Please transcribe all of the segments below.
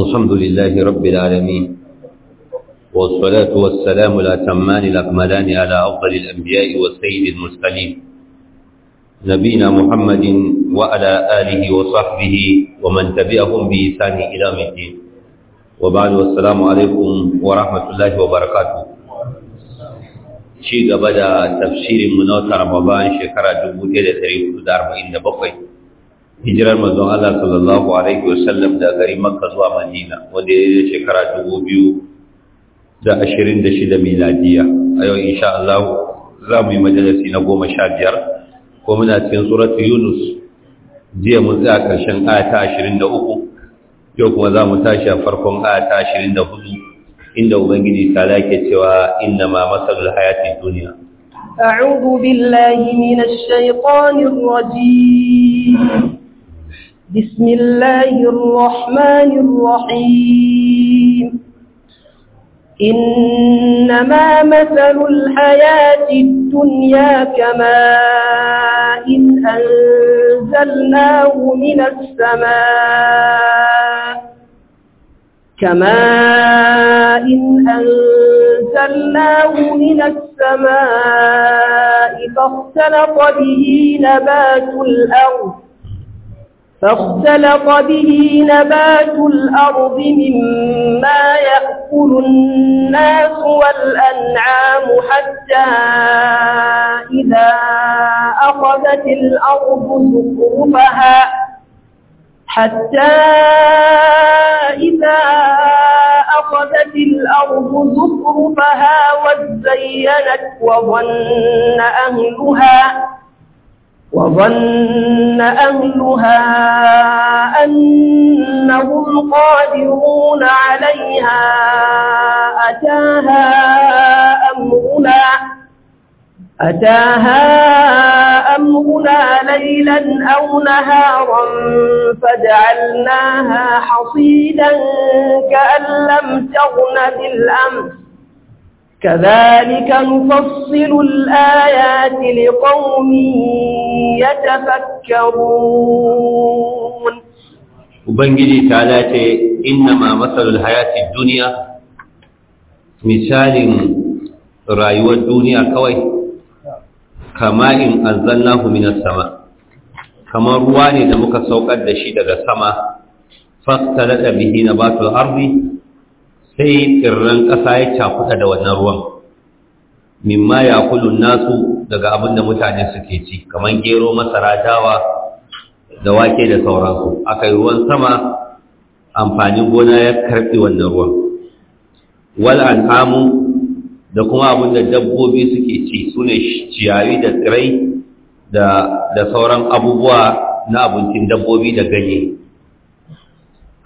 الحمد لله رب العالمين والصلاة والسلام الأتمان الأكملان على أفضل الأنبياء والسيد المرسلين نبينا محمد وعلى آله وصحبه ومن تبعهم بإحسان إلى الدين وبعد والسلام عليكم ورحمة الله وبركاته شيء قبل تفسير منوتر رمضان شكرا جمهورية 347 hijirar manzon Allah sallallahu alaihi wasallam da gari Makka zuwa Madina wanda ya yi shekara dubu biyu da da ashirin 2026 miladiya a yau insha Allah za mu yi majalisi na goma sha biyar, ko muna cikin suratul Yunus jiya mun tsaya karshen aya ta uku, yau kuma za mu tashi a farkon aya ta hudu, inda ubangiji ta lake cewa inna ma masalul hayati duniya أعوذ بالله من الشيطان الرجيم بسم الله الرحمن الرحيم إنما مثل الحياة الدنيا كماء إن أنزلناه من السماء كماء إن أنزلناه من السماء فاختلط به نبات الأرض فاختلط به نبات الأرض مما يأكل الناس والأنعام حتى إذا أخذت الأرض زخرفها حتى إذا أخذت الأرض زخرفها وزينت وظن أهلها وظن أهلها أنهم قادرون عليها أتاها أمرنا أتاها أمرنا ليلا أو نهارا فجعلناها حصيدا كأن لم تغن بالأمس كذلك نفصل الآيات لقوم يتفكرون Ubangiji ta dace inna ma matsalul hayati duniya misalin rayuwar duniya kawai kama in anzalnahu minas sama kamar ruwa ne da muka saukar da shi daga sama faktalata na nabatul ardi sai tsirran ƙasa ya cakuɗa da wannan ruwan mimma ya kulun nasu daga abin da mutane suke ci kamar gero masara dawa da wake da sauransu aka yi ruwan sama amfanin gona ya karɓi wannan ruwan wal an'amu da kuma abin da dabbobi suke ci su ne ciyayi da tsirai da sauran abubuwa na abincin dabbobi da ganye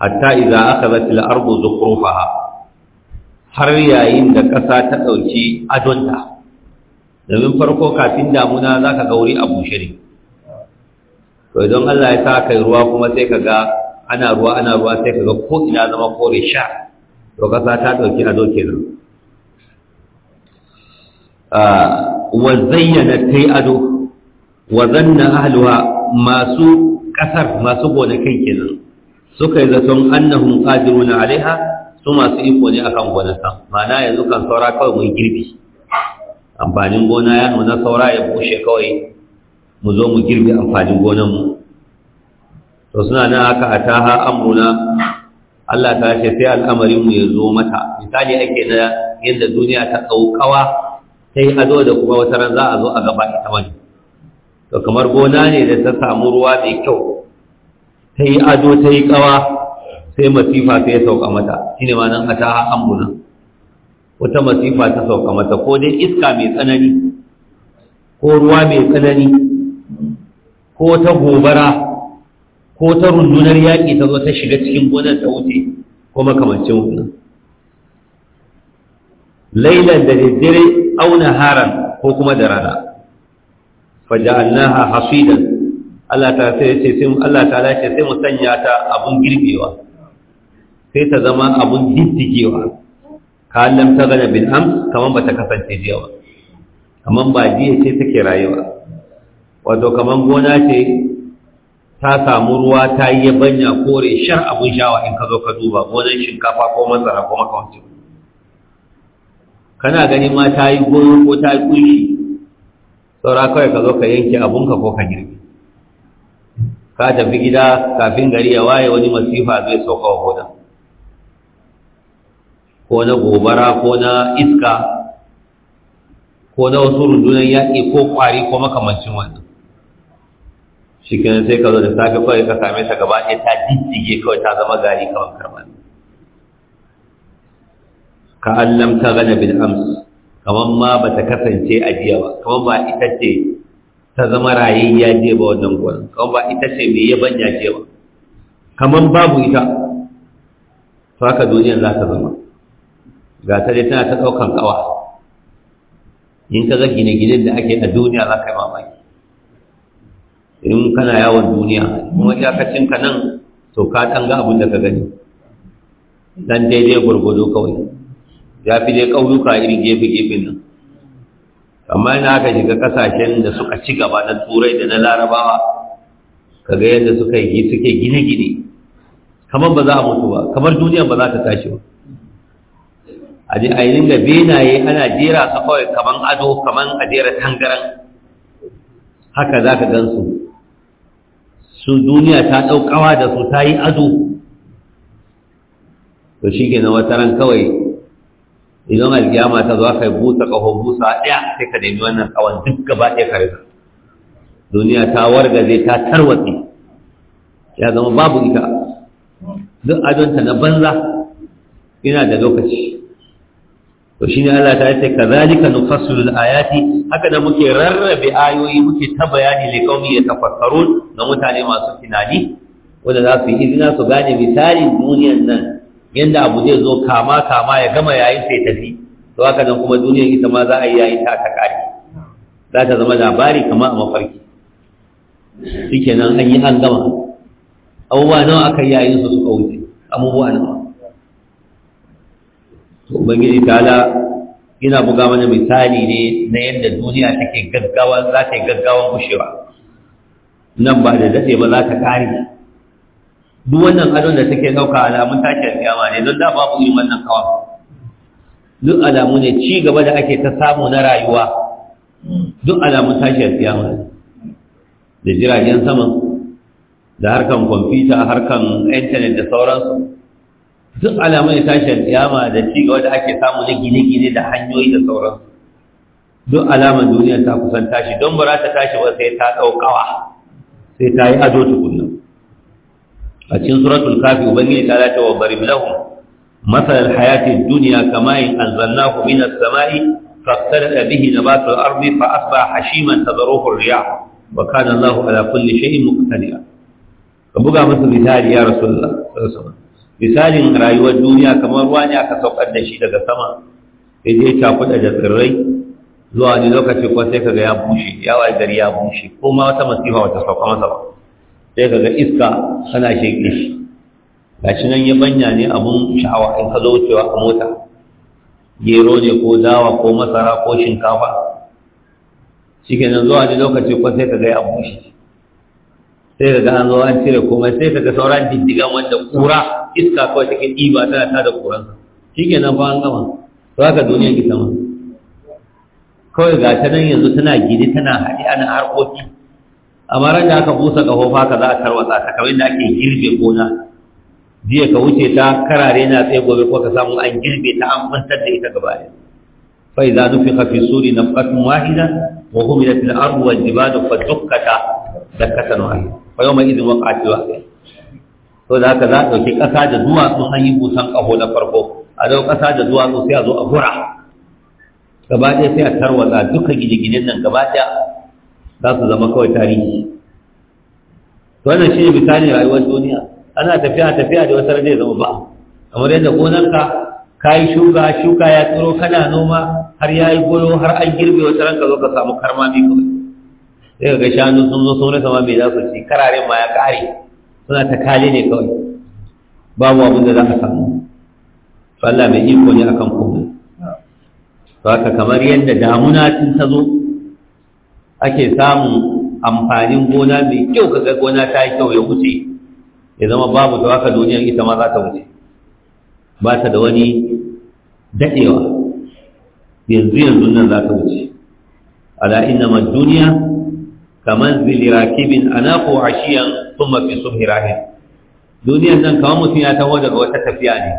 hatta idan aka zata la'arbu har yayin da ƙasa ta ɗauki adonta domin farko kafin damuna za ka gauri a bushe ne to idan Allah ya sa kai ruwa kuma sai ka ga ana ruwa ana ruwa sai ka ga ko ina zama kore sha to ƙasa ta ɗauki ado kenan ah, wa zayyana tai ado wa zanna ahluha masu ƙasar masu gonakai kenan suka yi zaton annahum qadiruna alaiha su masu iko ne akan gonarsa ma'ana yanzu kan saura kawai mun girbi amfanin gona ya nuna saura ya bushe kawai mu zo mu girbi amfanin mu to suna nan aka ataha amruna Allah ta ce sai mu ya zo mata misali ake na yadda duniya ta ɗaukawa ta yi ado da kuma wata ran za a zo a gaba ita wani to kamar gona ne da ta samu ruwa mai kyau ta yi ado ta yi ƙawa sai masifa ta ya sauka mata shine ma nan ataha amruna wata masifa ta sauka mata ko dai iska mai tsanani ko ruwa mai tsanani ko ta gobara ko ta rundunar yaƙi ta zo ta shiga cikin gonar ta wuce ko makamancin wannan lailan da daddare auna haran ko kuma da rana faja'alnaha hasidan Allah ta sai ce sai Allah ta lace sai mu sanya ta abun girbewa sai ta zama abun diddigewa ka lam ta gana bil am kaman ba ta kasance jiyawa ba kaman ba jiya ce take rayuwa wato kaman gona ce ta samu ruwa ta yi yabanya kore shar abun shawa in ka zo ka duba gonan shinkafa ko masara ko makawancin kana gani ma ta yi goyo ko ta yi kunshi saura kawai ka zo ka yanke abunka ko ka girbi ka tafi gida kafin gari ya waye wani masifa zai sauka wa gonar. ko na gobara ko na iska ko na wasu rundunar yaƙi ko ƙwari ko makamancin wannan shi kenan sai ka zo da safe kawai ka same ta gaba ɗaya ta jijjige kawai ta zama gari kawai karɓar ka allam ta gana bil ams kamar ma ba ta kasance a jiya ba kamar ba ita ce ta zama rayayya jiya ba wannan gwanin kamar ba ita ce mai ya je ba kamar babu ita to haka duniyar za ta zama ga ta dai tana ta ɗaukan ƙawa in ka ga gine-ginen da ake a duniya za ka yi mamaki in kana yawon duniya kuma iyakacin ka nan to ka ɗan ga abin da ka gani dan daidai gwargwado kawai ya fi dai ƙauyuka irin gefe gefe nan amma ina aka shiga ƙasashen da suka ci gaba na turai da na larabawa kaga yadda suka yi suke gine-gine kamar ba za a mutu ba kamar duniya ba za ta tashi ba a je a yi benaye ana jera su kawai kaman ado kaman a jera tangaran haka za ka gansu su duniya ta ɗaukawa da su ta yi ado to shi ke na wata ran kawai idan alkiyama ta zuwa kai busa ƙaho busa ɗaya sai ka nemi wannan tsawon duk gaba ɗaya ka rika duniya ta wargaze ta tarwatsi ya zama babu ita duk adonta na banza ina da lokaci to shine Allah ta ce kazalika nufassilu alayati ayati haka da muke rarrabe ayoyi muke ta bayani li qaumi yatafakkarun ga mutane masu tunani wanda za su yi izina su gane misalin duniyan nan yanda abu zai zo kama kama ya gama yayin sai tafi to haka nan kuma duniyan ita ma za a yi yayin ta ta kare za ta zama labari kamar a mafarki shikenan an yi an gama abubuwa nawa aka yi yayin su suka wuce abubuwa nawa ubangiji ta'ala ina buga mana misali ne na yadda duniya take gaggawa za ta yi gaggawan kushewa nan ba da daɗe ba za ta kare duk wannan adon da take ɗauka alamun tashin kiyama ne don da babu yi wannan kawa duk alamu ne ci gaba da ake ta samu na rayuwa duk alamun tashiyar ne, da jiragen saman da harkan kwamfuta harkan intanet da sauransu duk ya tashin kiyama da ci da ake samu na gine-gine da hanyoyi da sauran duk alamar duniya ta kusan tashi don ba ta tashi ba sai ta ɗaukawa sai ta yi ado tukunna a cikin suratul kafi ubangiji ta lati wa bari lahum masal hayati dunya kama in anzalnahu min as-sama'i faftara bihi nabatu al-ardi fa asba hashiman tadruhu ar-riyah wa kana Allahu ala kulli shay'in muqtadira ka buga masa misali ya rasulullah sallallahu alaihi wasallam misalin rayuwar duniya kamar ruwa ne aka saukar da shi daga sama sai ta cakuɗa da tsirrai zuwa wani lokaci ko sai kaga ya bushe ya waye gari ya bushe ko ma wata masifa wata sauka masa ba sai kaga iska tana sheƙe shi gashi nan banya ne abun sha'awa in ka zo wucewa a mota gero ne ko dawa ko masara ko shinkafa kenan zuwa wani lokaci ko sai kaga ya bushe sai daga an zo an cire komai sai ka sauran diddigan wanda kura iska kawai take ɗiba tana ta da kuran shikenan ba an gama to haka duniya ke sama kawai ga ta nan yanzu tana gidi tana haɗi ana harkoki amma ran da aka busa ƙaho hofa ka za a tarwatsa ta kamar yadda ake girbe gona jiya ka wuce ta karare na tsaye gobe ko ka samu an girbe ta an fantar da ita gaba ɗaya fai za nufiqa fi suri nafqatun wahida wa humilat al-ardu fa dukkata dakkatan wahida fa yau mai izin waka ce wa to da haka za a ɗauki ƙasa da duwatsu an yi busan ƙaho na farko a dau ƙasa da duwatsu sai a zo a gura gaba ɗaya sai a tarwatsa duka gine-ginen nan gaba ɗaya za su zama kawai tarihi To wannan shi ne misali rayuwar duniya ana tafiya tafiya da wasu rajai zama ba kamar yadda gonarka ka yi shuka shuka ya tsiro kana noma har ya yi goro har an girbe wasu ranka zo ka samu karmami kawai sai ga shanu sun zo sun rasa ma me za su ci kararen ma ya kare suna ta kale ne kawai babu abin da za ka samu Allah mai iko ne akan komai to haka kamar yadda damuna tun ta zo ake samun amfanin gona mai kyau kaga gona ta yi kyau ya wuce ya zama babu ta haka duniyar ita ma za ta wuce ba ta da wani daɗewa yanzu yanzu nan za ta wuce ala inna ma duniya كمنزل راكب أناق عشيا ثم في صبح راهب دنيا nan kamar mutum ya taho daga wata tafiya ne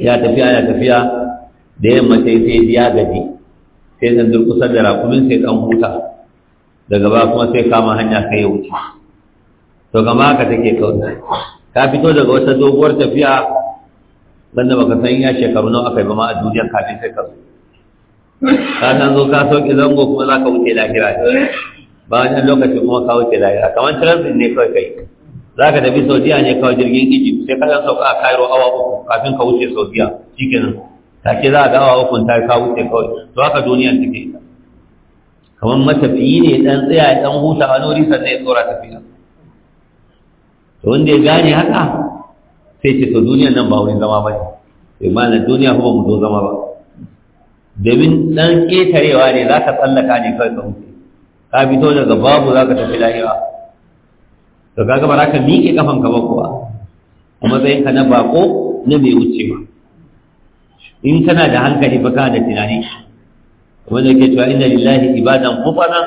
ya tafiya ya tafiya da yamma sai sai ya gaji sai zan durkusar da rakumin sai dan huta daga ba kuma sai kama hanya kai ya wuce to gama haka take kawai ka fito daga wata doguwar tafiya banda baka san ya shekaru nawa aka yi ba ma a duniya kafin sai ka zo ka san zo ka sauke zango kuma za ka wuce lahira ba wajen lokaci kuma ka wuce lahira kamar transit ne kawai kai za ka tafi saudiya ne kawai jirgin egypt sai ka yan sauka a cairo awa uku kafin ka wuce saudiya shikenan take za a ga awa uku ta ka wuce kawai to haka duniyan take ita kamar matafiyi ne dan tsaya dan huta a nori sannan ya tsora tafiya to wanda ya gane haka sai ce to duniya nan ba wurin zama ba ne imanin eh, duniya kuma mu zo zama ba domin dan ƙetarewa ne za ka tsallaka ne kawai ka wuce ka fito daga babu za ka tafi lahira ka ga gaba ka miƙe kafan ka kuwa a matsayinka na bako na mai wuce ba in tana da hankali ba kana da tunani wanda ke cewa inna lillahi ibadan kufana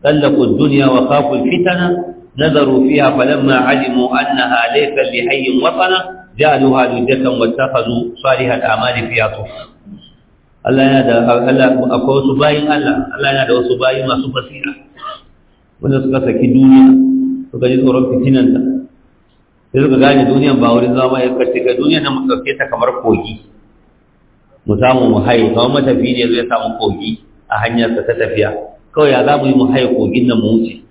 sallaku duniya wa khafu fitana nazaru fiha falamma alimu annaha laysa li hayyin wa sana ja'aluha lujatan wa takhadhu salihat amali fiha tuhfa Allah yana da Allah akwai wasu bayin Allah Allah yana da wasu bayi masu basira wanda suka saki duniya suka ji tsoron fitinanta sai suka gane duniyan ba wurin zama ya kace ga duniya na mu dauke ta kamar kogi mu samu mu haye kamar matafi ne zai samu kogi a sa ta tafiya kawai ya zamu yi mu haye kogin nan mu wuce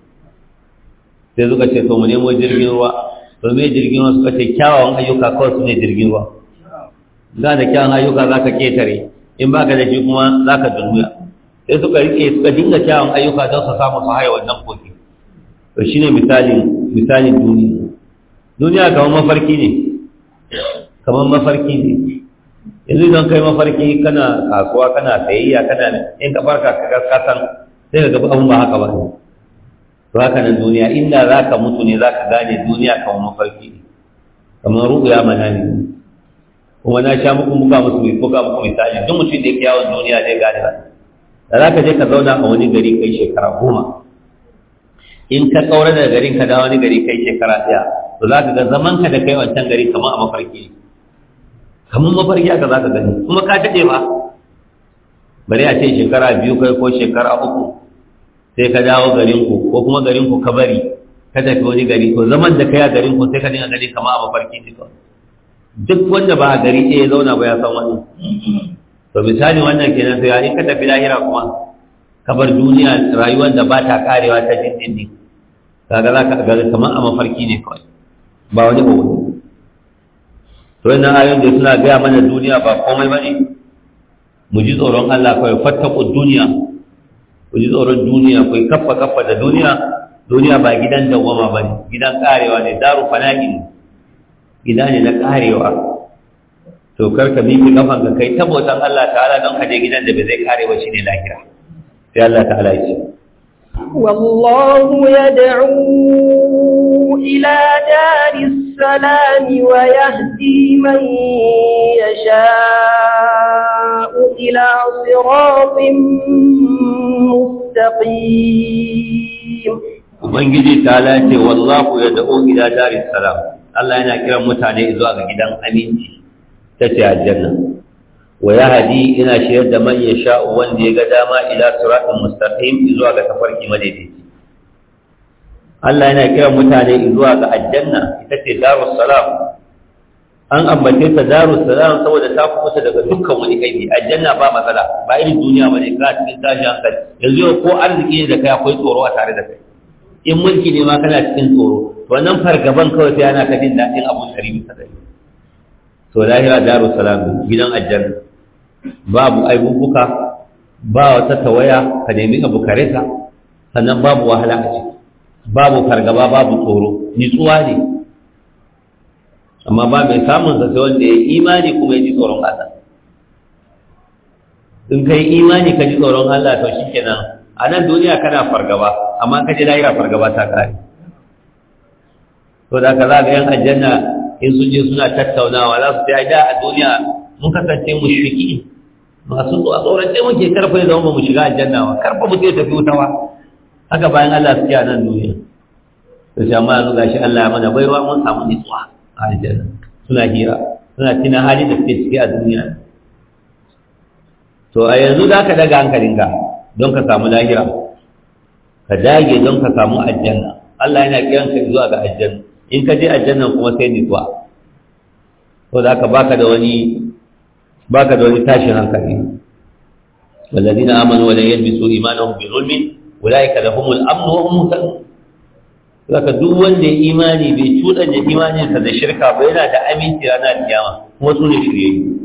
sai suka ce to mu nemo jirgin ruwa to me jirgin ruwa suka ce kyawawan ayyuka kawai su ne jirgin ruwa za da kyawun ayyuka za ka ketare in ba ka da shi kuma za ka dunnuya sai suka rike suka dinga kyawun ayyuka don su samu su haye wannan koki to shi ne misalin duniya duniya kamar mafarki ne kamar mafarki ne yanzu idan kai mafarki kana kasuwa kana sayayya kana in ka farka ka kasan sai ka gaba abun ba haka ba to haka nan duniya inda za ka mutu ne za ka gane duniya kamar mafarki ne kamar ruɓu ya manani kuma na sha muku muka musu mai koka muku misali duk mutum da ya yawon duniya zai gane ba da za ka je ka zauna a wani gari kai shekara goma in ka kaura daga garin ka da wani gari kai shekara ɗaya to za ka ga zaman ka da kai wancan gari kamar a mafarki kamar mafarki aka za ka gani kuma ka daɗe ba bari a ce shekara biyu kai ko shekara uku sai ka dawo garin ku ko kuma garin ku ka bari ka tafi wani gari to zaman da kai a garin ku sai ka dinga gani kamar a mafarki ne kawai duk wanda ba a gari ɗaya ya zauna ba ya san wani to misali wannan kenan sai in ka tafi lahira kuma ka bar duniya rayuwar da ba ta karewa ta dindin ne kaga za ka ga kamar a mafarki ne kawai ba wani ba wani to wannan ayoyin da suna gaya mana duniya ba komai ba ne mu ji tsoron Allah kawai fattaku duniya Mu ji tsoron duniya ku kaffa kaffa da duniya duniya ba gidan dawwama ba ne gidan karewa ne daru fana'i ne ina ne na karewa to ka miƙi kafan ka kai tabbatar Allah ta'ala don je gidan da ba zai kare ba shine lahira sai Allah ta'ala ya ce wallahu yad'u ila ya salam wa yahdi man yasha ila siratin mustaqim ubangiji ta'ala ce wallahu yad'u ila dari salam Allah yana kiran mutane zuwa ga gidan aminci ta ce aljanna wa hadi ina shiryar da man yasha wanda ya ga dama ila siratin mustaqim zuwa ga tafarki madaidaici Allah yana kiran mutane zuwa ga aljanna ita ce darus salam an ambace ta darus salam saboda ta kusa daga dukkan wani kai aljanna ba matsala ba irin duniya bane ka cikin tashi hankali yanzu ko arziki ne da kai akwai tsoro a tare da kai in mulki ne ma kana cikin tsoro wannan fargaban kawai sai ana da daɗin abun sari bisa ɗari to lahira daru salamu gidan aljanna babu aibubuka ba wata tawaya ka nemi abu kareta sannan babu wahala a ciki babu fargaba babu tsoro nitsuwa ne amma ba mai samun sa sai wanda ya imani kuma ya ji tsoron Allah in kai imani ka ji tsoron Allah to shikenan a nan duniya kana fargaba amma kaje lahira fargaba ta kare to da ka za ga yan aljanna in sun je suna tattaunawa za su ta da a duniya mun kasance shirki? masu a tsoron ce muke karfa zama ba mu shiga aljanna ba karfa mu ce tafi wutawa haka bayan Allah su a nan duniya to shi amma yanzu gashi Allah ya mana baiwa mun samu nutsuwa a aljanna suna hira suna tina hali da suke ciki a duniya to a yanzu za ka daga hankalinka don ka samu lahira ka dage don ka samu aljanna Allah yana kiran ka zuwa ga aljanna in ka je aljanna kuma sai ni zuwa. to da ka baka da wani baka da wani tashin hankali والذين آمنوا ولا يلبسوا إيمانهم بظلم أولئك لهم الأمن وهم مهتدون Zaka duk wanda ya imani bai cuɗanya imaninsa da shirka ba yana da aminci ranar kiyama kuma su ne shirye.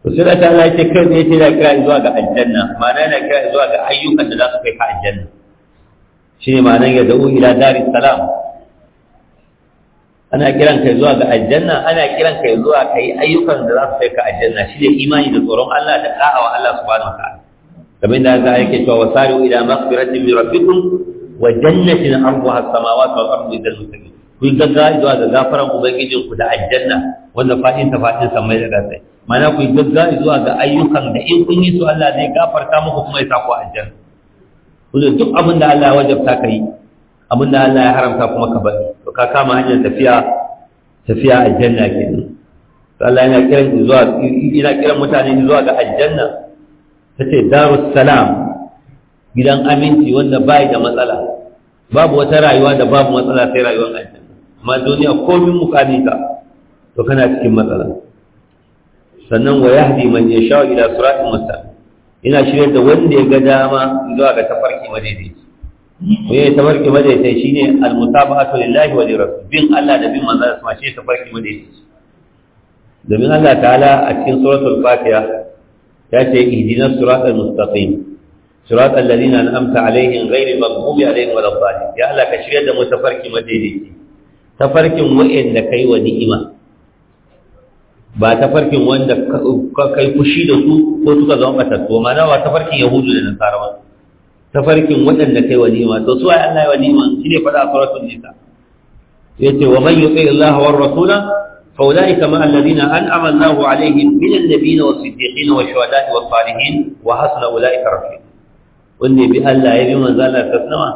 Sura ta Allah ce kai ce na kira zuwa ga aljanna ma'ana yana kira zuwa ga ayyukan da za su kai ka aljanna shi ne ma'anar ya da'u ila dari salam ana kiran kai zuwa ga aljanna ana kiran kai zuwa kai ayyukan da za su kai ka aljanna shi ne imani da tsoron Allah da da'awa Allah su wa ta'ala kamar da za a yake cewa wasari ila maghfiratin min rabbikum wa jannatin arduha as-samawati wal ardu lil muttaqin ku gaggawa zuwa ga gafaran ubangijinku da aljanna wanda fadin ta fadin mai da gasai mana ku yi zuwa ga ayyukan da in kun yi su Allah zai gafarta muku kuma ya sa ku aljanna kuma duk abin da Allah ya wajabta ka yi abin da Allah ya haramta kuma ka bari to ka kama hanyar tafiya tafiya aljanna kenan to Allah yana kiran zuwa yana kiran mutane zuwa ga aljanna tace darus salam gidan aminci wanda bai da matsala babu wata rayuwa da babu matsala sai rayuwar aljanna amma duniya komin mukaminka to kana cikin matsala sannan wa yahdi man yasha ila siratin mustaqim ina shirye da wanda ya ga dama zuwa ga tafarki madaidaici me ya tafarki madaidaici shine almutaba'atu lillahi wa lirasul bin Allah da bin manzo sama shi tafarki madaidaici domin Allah ta'ala a cikin suratul fatiha ya ce ihdina siratal mustaqim siratal ladina an'amta alaihim ghayril maghdubi alaihim waladdallin ya Allah ka shirye da mu tafarki madaidaici tafarkin wa'anda kai wa ni'ima ba ta farkin wanda ka kai fushi da su ko suka zama matattu ma'ana ba ta farkin yahudu da nasara ba ta farkin waɗanda kai wa ni'ima to su ai Allah ya wa ni'ima shi ne faɗa a suratul nisa yace wa man yuti Allah war rasula fa ulaika ma alladhina an'ama Allah alaihim min an-nabiyyin was-siddiqin wash-shuhada'i was-salihin wa hasuna ulaika rafiqa wanda bi Allah ya bi manzo Allah tasnama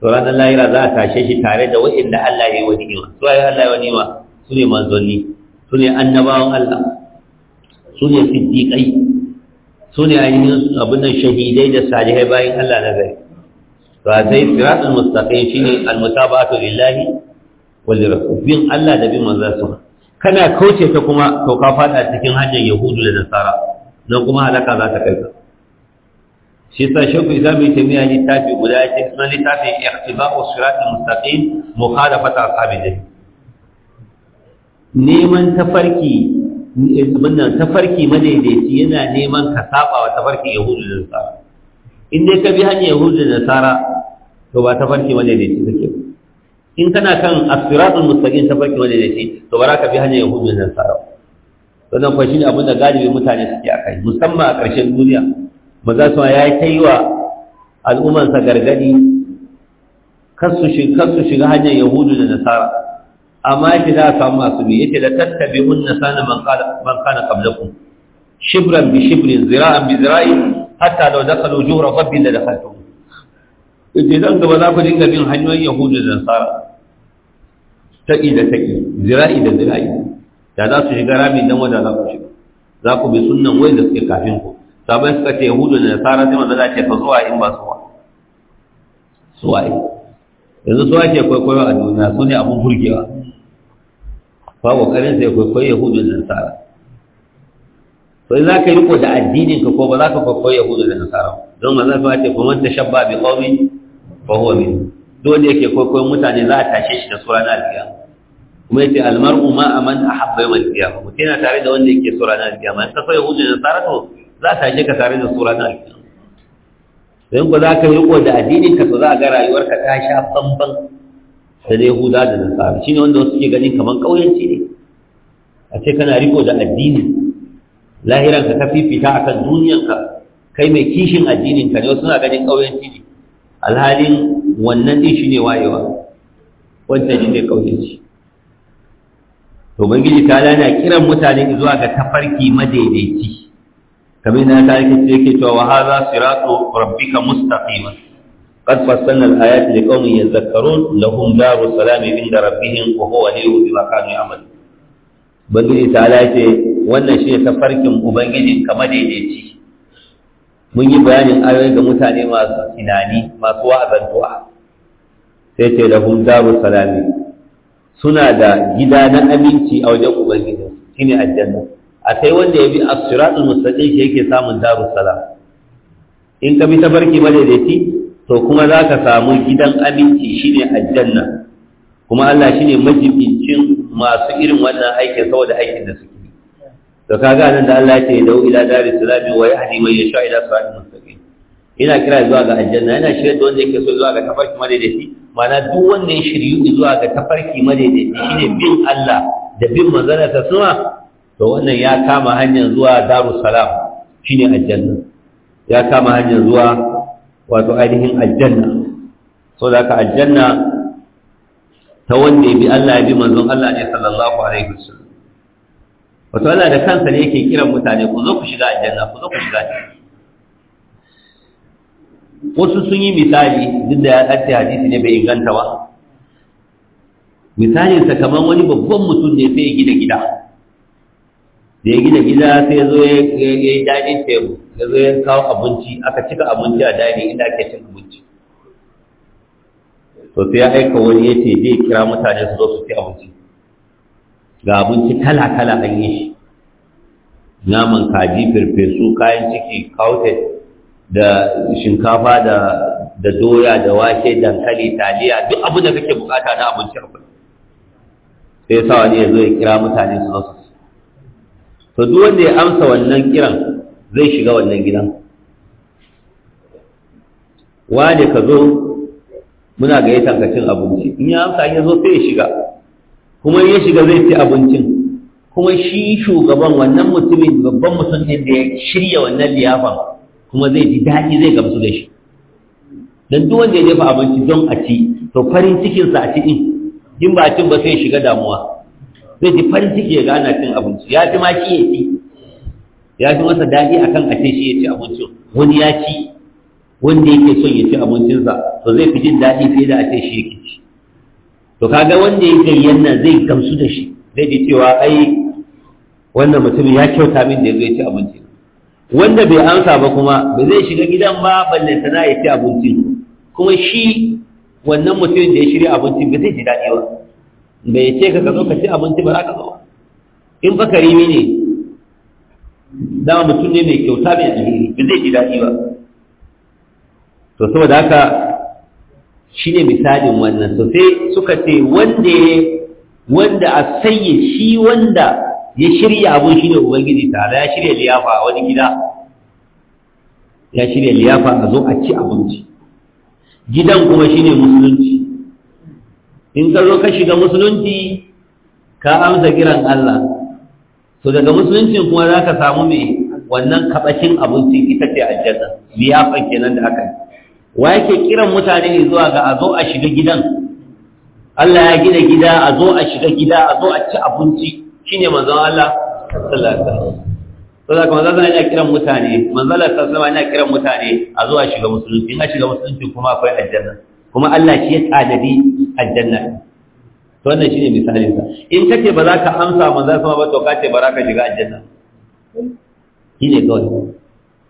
to ranar lahira za a tashe shi tare da waɗanda Allah ya yi wa ni'ima su ai Allah ya wa ni'ima su ne manzonni su ne annabawan Allah su ne siddiƙai su ne ainihin abin da shahidai da salihai bayan Allah na gari to a sai siratul mustaqim shine almutabatu lillahi wal rasul bin Allah da bin manzon sa kana kauce ta kuma to ka fada cikin hanyar yahudu da nasara nan kuma halaka za ta kai ka shi sa shauku idan mai tamiya littafi guda ya ce sunan littafin iqtiba'u siratul mustaqim mukhalafata ashabin dai. neman tafarki abinnan tafarki madaidaici yana neman ka saba wa tafarkin yahudu da nasara in dai ka bi hanyar yahudu da nasara to ba tafarki madaidaici kake ba in kana kan asiratul mustaqim tafarki madaidaici to ba za ka bi hanyar yahudu da nasara wannan fa shine abin da galibi mutane suke akai musamman a ƙarshen duniya maza su ya kai wa al'ummansa gargadi kar su shiga hanyar yahudu da nasara amma yake za a samu masu ne yake da tattabi mun na sana man kana ku. shibran bi shibrin zira'an bi zira'i hatta law dakhalu juhra rabbin la Ita idan dan gaba za ku dinga bin hanyoyin yahudu da nasara taƙi da taƙi zira'i da zira'i da za su shiga ramin dan wanda za ku shiga za ku bi sunnan da suke kafin ku sabai suka ce yahudu da nasara sai manzo za ce fa zuwa in ba suwa suwaye yanzu suwa ke kwaikwayo a duniya su ne abun burgewa fa kokarin sai koyi yahudu da nasara to ka yi ko da addinin ka ko ba za ka koyi yahudu da nasara don manzo fa ce kuma man tashabba bi qawmi fa huwa min dole yake koyi mutane za a tashe shi da sura na alqiya kuma yace almar'u ma aman ahabba yawm alqiyamah mutum yana tare da wanda yake sura na alqiya in ka so yahudu da nasara to za ta tashe ka tare da sura na alqiya don ko za ka ko da addinin ka to za ka ga rayuwarka ta sha bamban sai dai yahuda da nasara ne wanda wasu ke ganin kamar ƙauyenci ne a ce kana riko da addini lahiran ka fifita a kan duniyanka kai mai kishin addinin ka ne wasu na ganin ƙauyenci ne alhalin wannan din ne wayewa wancan ne ƙauyenci to ubangiji ta lana kiran mutane zuwa ga tafarki madaidaici kamar na ta yake cewa wa hadha siratu rabbika mustaqima قد فصلنا الآيات لقوم يذكرون لهم دار السلام عند ربهم وهو نير بما كانوا يعملون بنجي تعالى wannan shi ne tafarkin ubangiji kamar daidaici mun yi bayanin ayoyi ga mutane masu tunani masu wa'azantuwa sai ce da hum daru salami suna da gida na aminci a wajen ubangiji shine aljanna a sai wanda ya bi as-siratul mustaqim shi yake samun daru in ka bi tafarki madaidaici to kuma za ka samu gidan aminci shine aljanna kuma Allah shine majibincin masu irin wannan aikin saboda aikin da suke to kaga nan da Allah ce da ila dari salami wa yahdi man yasha ila siratin mustaqim ina kira zuwa ga aljanna ina shirye da wanda yake so zuwa ga tafarki madaidaici ma'ana duk wanda ya shiryu zuwa ga tafarki madaidaici shine bin Allah da bin manzara ta suna to wannan ya kama hanyar zuwa darussalam shine aljanna ya kama hanyar zuwa wato ainihin aljanna so da ka aljanna ta wanda bi Allah ya bi manzon Allah ne sallallahu alaihi wasallam wato Allah da kansa ne yake kiran mutane ku zo ku shiga aljanna ku zo ku shiga wasu sun yi misali duk da ya ɗarce hadisi ne bai inganta ba misalin sa kamar wani babban mutum ne sai ya gina gida da ya gina gida sai zo ya yi dining table ya zo ya kawo abinci aka cika abinci a dining inda ake cin abinci to sai ya aika wani ya ce zai kira mutane su zo su ci abinci ga abinci kala-kala an yi shi naman kaji firfesu kayan ciki kautet da shinkafa da da doya da wake dankali taliya duk abin da kake bukata na abinci akwai sai sa wani ya zo ya kira mutane su zo su to duk wanda ya amsa wannan kiran zai shiga wannan gidan wane ka zo muna gayyatar ka cin abinci in ya amsa ya zo sai ya shiga kuma ya shiga zai ci abincin kuma shi shugaban wannan mutumin babban mutumin da ya shirya wannan liyafan kuma zai ji daɗi zai gamsu da shi don duk wanda ya jefa abinci don a ci to farin cikinsa a ci in ba a cin ba sai ya shiga damuwa zai ji farin ciki ya gana cin abinci ya fi ma shi ya ci ya fi masa daɗi akan a ce shi ya ci abincin wani ya ci wanda yake son ya ci abincinsa to zai fi jin daɗi fiye da a ce shi ya ci to kaga wanda ya gayyan nan zai gamsu da shi zai ji cewa ai wannan mutum ya kyauta min da ya zo ci abinci wanda bai amsa ba kuma ba zai shiga gidan ba balle sana ya ci abinci kuma shi wannan mutumin da ya shirya abincin ba zai ji daɗi ba bai ce ka zo ka ci abinci ba za ka zo in ba karimi ne dama mutum ne mai kyauta mai alheri ba zai ji daɗi ba to saboda haka shi ne misalin wannan to sai suka ce wanda wanda a sanya shi wanda ya shirya abun shi ne ubangiji tare ya shirya liyafa a wani gida ya shirya liyafa a zo a ci abinci gidan kuma shi ne musulunci in ka zo ka shiga musulunci ka amsa kiran Allah to daga musuluncin kuma za ka samu mai wannan kabashin abinci ita ce aljanna liyafa kenan da aka yi wa yake kiran mutane ne zuwa ga a zo a shiga gidan Allah ya gina gida a zo a shiga gida a zo a ci abinci shine manzon Allah sallallahu alaihi wasallam saboda kuma zan a kiran mutane manzon Allah sallallahu alaihi wasallam kiran mutane a zo a shiga musulunci in a shiga musulunci kuma akwai aljanna kuma Allah shi ya tsadadi aljanna to wannan shine misalin sa in kace ba za ka amsa manzo sama ba to kace ba za ka shiga aljanna shine kawai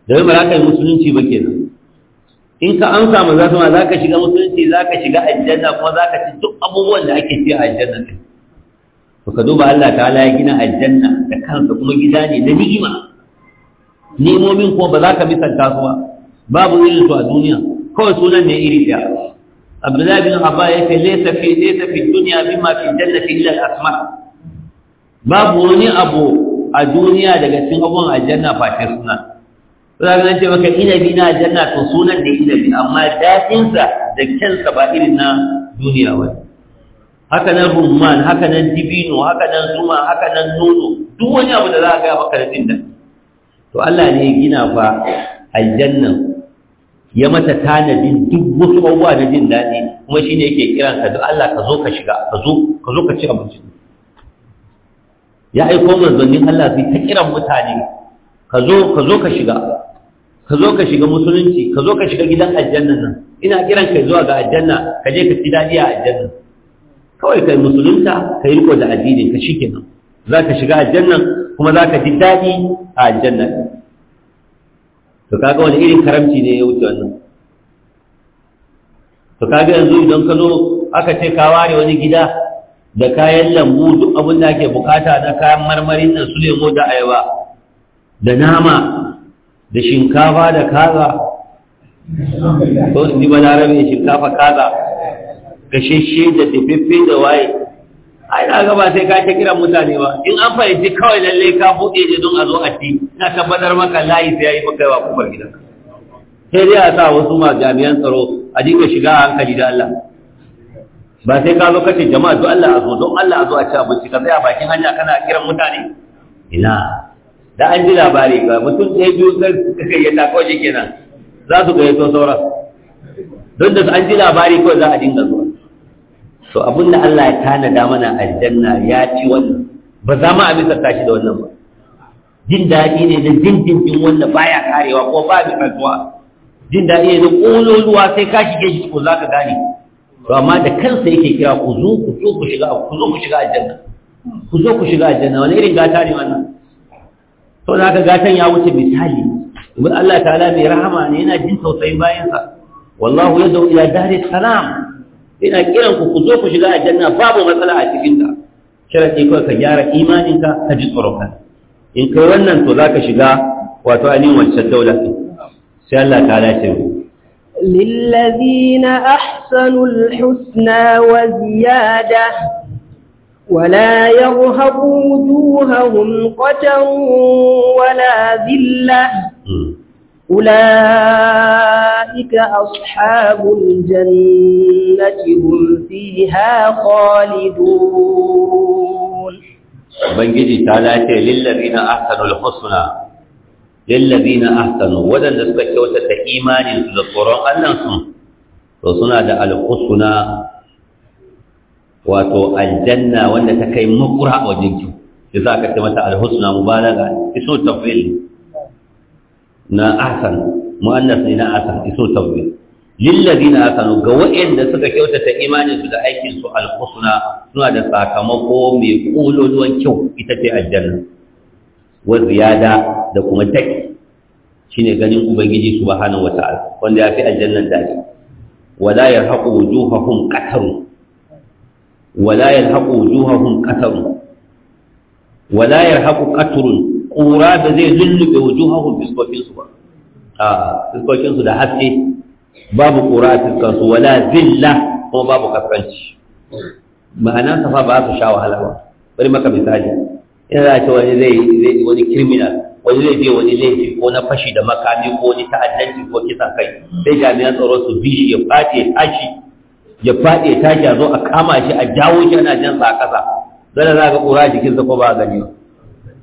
da ba za ka yi musulunci ba kenan in ka amsa manzo sama za ka shiga musulunci za ka shiga aljanna kuma za ka ci duk abubuwan da ake ci a aljanna to ka duba Allah ta'ala ya gina aljanna da kansa kuma gida ne na ni'ima ni'imomin kuma ba za ka misalta su ba babu irin su a duniya kawai sunan ne iri ɗaya abdullahi bin abba ya ce laysa fi laysa fi dunya bima fi jannati illa al-asma babu wani abu a duniya daga cikin abun aljanna fa ta suna sai ga ce maka inabi na aljanna to sunan da inabi amma dadin sa da kansa ba irin na duniya ba haka nan rumman haka nan dibino haka nan zuma haka nan nono duk wani abu da za ka ga maka da to Allah ne ya gina fa aljanna ya mata tanadin duk wasu abubuwa na jin daɗi kuma shi ne yake kiran ka duk Allah ka zo ka shiga ka zo ka zo ka ci abinci ya aiko manzannin Allah sai ta kiran mutane ka zo ka zo ka shiga ka zo ka shiga musulunci ka zo ka shiga gidan aljanna nan ina kiran ka zuwa ga aljanna ka je ka ci daɗi a aljanna kawai kai musulunta ka yi riko da addinin ka nan. za ka shiga aljanna, kuma za ka ji daɗi a aljanna to kaga wani irin karamci ne ya wuce wannan to kaga yanzu idan ka zo aka ce ka ware wani gida da kayan lambu duk abin da ake bukata na kayan marmarin nan su lemo da ayaba da nama da shinkafa da kaza to ni ba larabe shinkafa kaza gasheshe da tafefe da waye ai na gaba sai ka ce kira mutane ba in an fahimci kawai lalle ka buɗe ne don a zo a ci na tabbatar maka layi sai yayi maka yawa kofar gidan. sai dai a sa wasu ma jami'an tsaro a dinga shiga a hankali da Allah ba sai ka zo kace jama'a don Allah a zo don Allah a zo a ci abinci ka tsaya bakin hanya kana kiran mutane ina da an ji labari ba mutum sai biyu sai kai ya ta kawai kenan za su gayyato sauran don da an ji labari kawai za a dinga zuwa to abin da Allah ya tanada mana aljanna ya ci wannan ba za mu abin tashi da wannan ba jin dadi ne da dindindin wanda baya karewa ko ba bi kasuwa jin dadi ne da ƙololuwa sai ka shige shi ko za ka gane to amma da kansa yake kira ku zo ku zo ku shiga ku zo ku shiga aljanna ku zo ku shiga aljanna wani irin gata ne wannan to da haka gatan ya wuce misali Allah ta'ala mai rahama ne yana jin tausayin bayansa wallahu yadda ila dahri salam ina kiran ku ku zo ku shiga aljanna babu matsala a cikin ta sharadi kawai ka gyara imaninka ka ji tsoron ka in kai wannan to zaka shiga wato ainihin wancan daula sai Allah ta lace mu للذين أحسنوا الحسنى وزيادة ولا يرهب وجوههم قتر ولا ذلة أولئك أصحاب الجنة هم فيها خالدون Ubangiji ta dace lillabi na ahsanu al-husna lillabi na ahsanu wadanda suka kyautata ta da tsoron Allah to suna da al-husna wato aljanna wanda ta kai makura wajen ki sai ka ce mata al-husna mubalaga isu tafil na asan muannas ne na asan iso tawbi na asanu ga wa'anda suka kyautata imanin su da aikin su alhusna suna da sakamako mai kololuwan kyau ita ce aljanna wa ziyada da kuma taki shine ganin ubangiji subhanahu wata'ala wanda ya fi aljannan dadi wala yarhaqu wujuhahum qatarun wala يلحق wujuhahum قتر wala يلحق قتر ƙura da zai lullube wujuhahum fiskokinsu ba a ah, fiskokinsu da haske babu ƙura a fiskansu wala zilla kuma babu kaskanci ma'ana safa ba su sha wahala ba bari maka misali ina za a ce wani zai yi wani criminal wani zai je wani laifi ko na fashi da makami ko ni ta'addanci ko kisan kai sai jami'an tsaro su bi shi ya fate tashi ya fate tashi a zo a kama shi a jawo shi ana jan sa a kasa dole za ka ƙura jikinsa ko ba a gani ba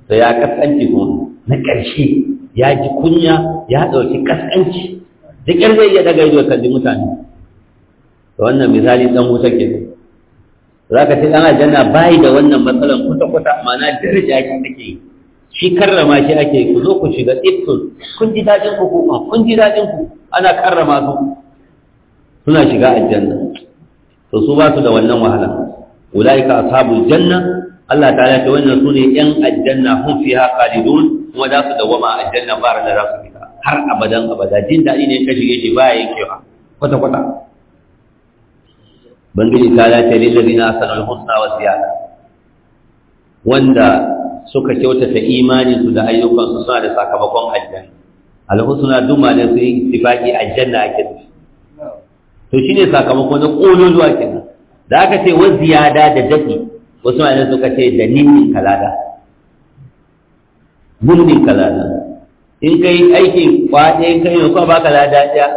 da ya kaskanci kuma na ƙarshe ya ji kunya ya ɗauki kaskanci da ƙyar zai iya daga ido kalli mutane da wannan misali ɗan wuta ke za ka ce ɗan aljanna bayi da wannan matsalan kwata-kwata ma'ana daraja shi take yi shi karrama shi ake ku zo ku shiga ibtul kun ji daɗin ku kuma kun ji daɗin ku ana karrama su suna shiga aljanna to su ba su da wannan wahala ulaika ashabul janna Allah ta'ala ta wannan sune yan aljanna hum fiha khalidun kuma za su dawama a aljanna ba da za su fita har abadan abada jin daɗi ne ka shige shi ba yankewa kwata kwata bangiji ta'ala ta lil ladina asanul husna wa ziyada wanda suka kyautata imani su da ayyukan su suna da sakamakon aljanna al-husna duma ne su ittifaqi aljanna ake to shine sakamakon na kololuwa kenan da aka ce wa ziyada da dafi wasu malamai suka ce da ninnin kalada gurbin kalada in kai aikin kwaɗe kai yanzu ba ka lada ɗaya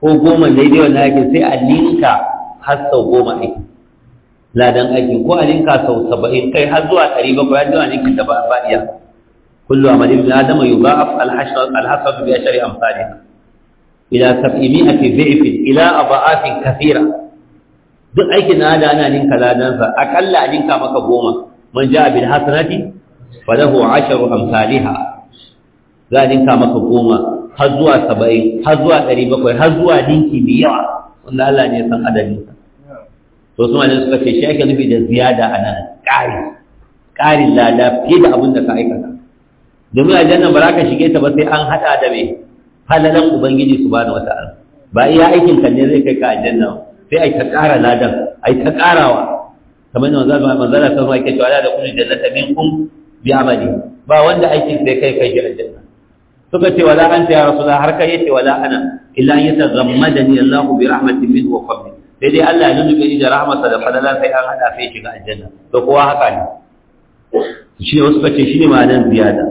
ko goma daidai wani aikin sai a linka har sau goma aiki ladan aikin ko a linka sau saba'in kai har zuwa ɗari bakwai har zuwa ninkin da ba a iya kullu amal ibn adam yudha'af al alhassan bi shari'a amfani ila sab'i mi'ati fi ila adha'afin kafira. duk aikin na da ana ninka ladansa akalla a ninka maka goma man ja bil hasanati falahu asharu amsalha za ninka maka goma har zuwa saba'in har zuwa ɗari bakwai har zuwa ninki mai yawa wanda Allah ne ya san ka. to su ne suka ce shi ake nufi da ziyada a nan ƙari ƙarin lada fiye da abin da ka aikata domin aljanna ba za ka shige ta ba sai an haɗa da mai halalan ubangiji subhanahu wata'ala ba iya aikin kan ne zai kai ka aljanna ba sai ai ta ƙara ladan ai ta ƙarawa kamar da manzo Allah manzo Allah sai yake cewa da kullu jannata minkum bi amali ba wanda aiki sai kai kai aljanna suka ce wala anta ya rasulullah har kai yace wala ana illa yatazammadani Allah bi rahmatin minhu wa fadli sai dai Allah ya nuna ni da rahmatsa da fadala sai an hada sai shiga aljanna to kowa haka ne shi ne wasu ce shi ne ma'anar ziyada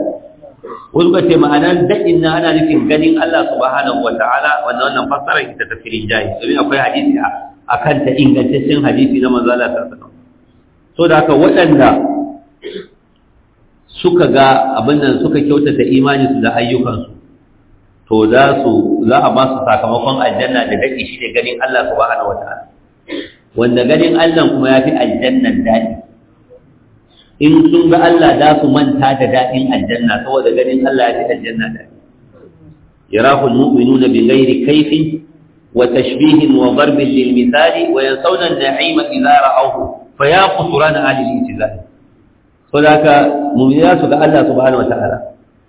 wasu ka ce ma'anar daɗin na ana nufin ganin Allah subhanahu wa ta'ala wannan wannan fassarar ita ta firin jayi domin akwai hadisi a akan ta ingantaccen hadisi na manzo Allah sallallahu alaihi so da haka waɗanda suka ga abin nan suka kyautata imaninsu da ayyukansu to za su za a ba su sakamakon aljanna da daɗi shi ne ganin Allah ba subhanahu wataala wanda ganin Allah kuma ya fi aljannan daɗi, in sun ga Allah za su manta da daɗin aljanna saboda ganin Allah ya fi aljanna dadi yarahu almu'minuna bi ghairi kayfin وتشبيه وضرب للمثال وينسون النعيم إذا رأوه فيا قصران أهل الانتزاع فذاك مؤمنات الله سبحانه وتعالى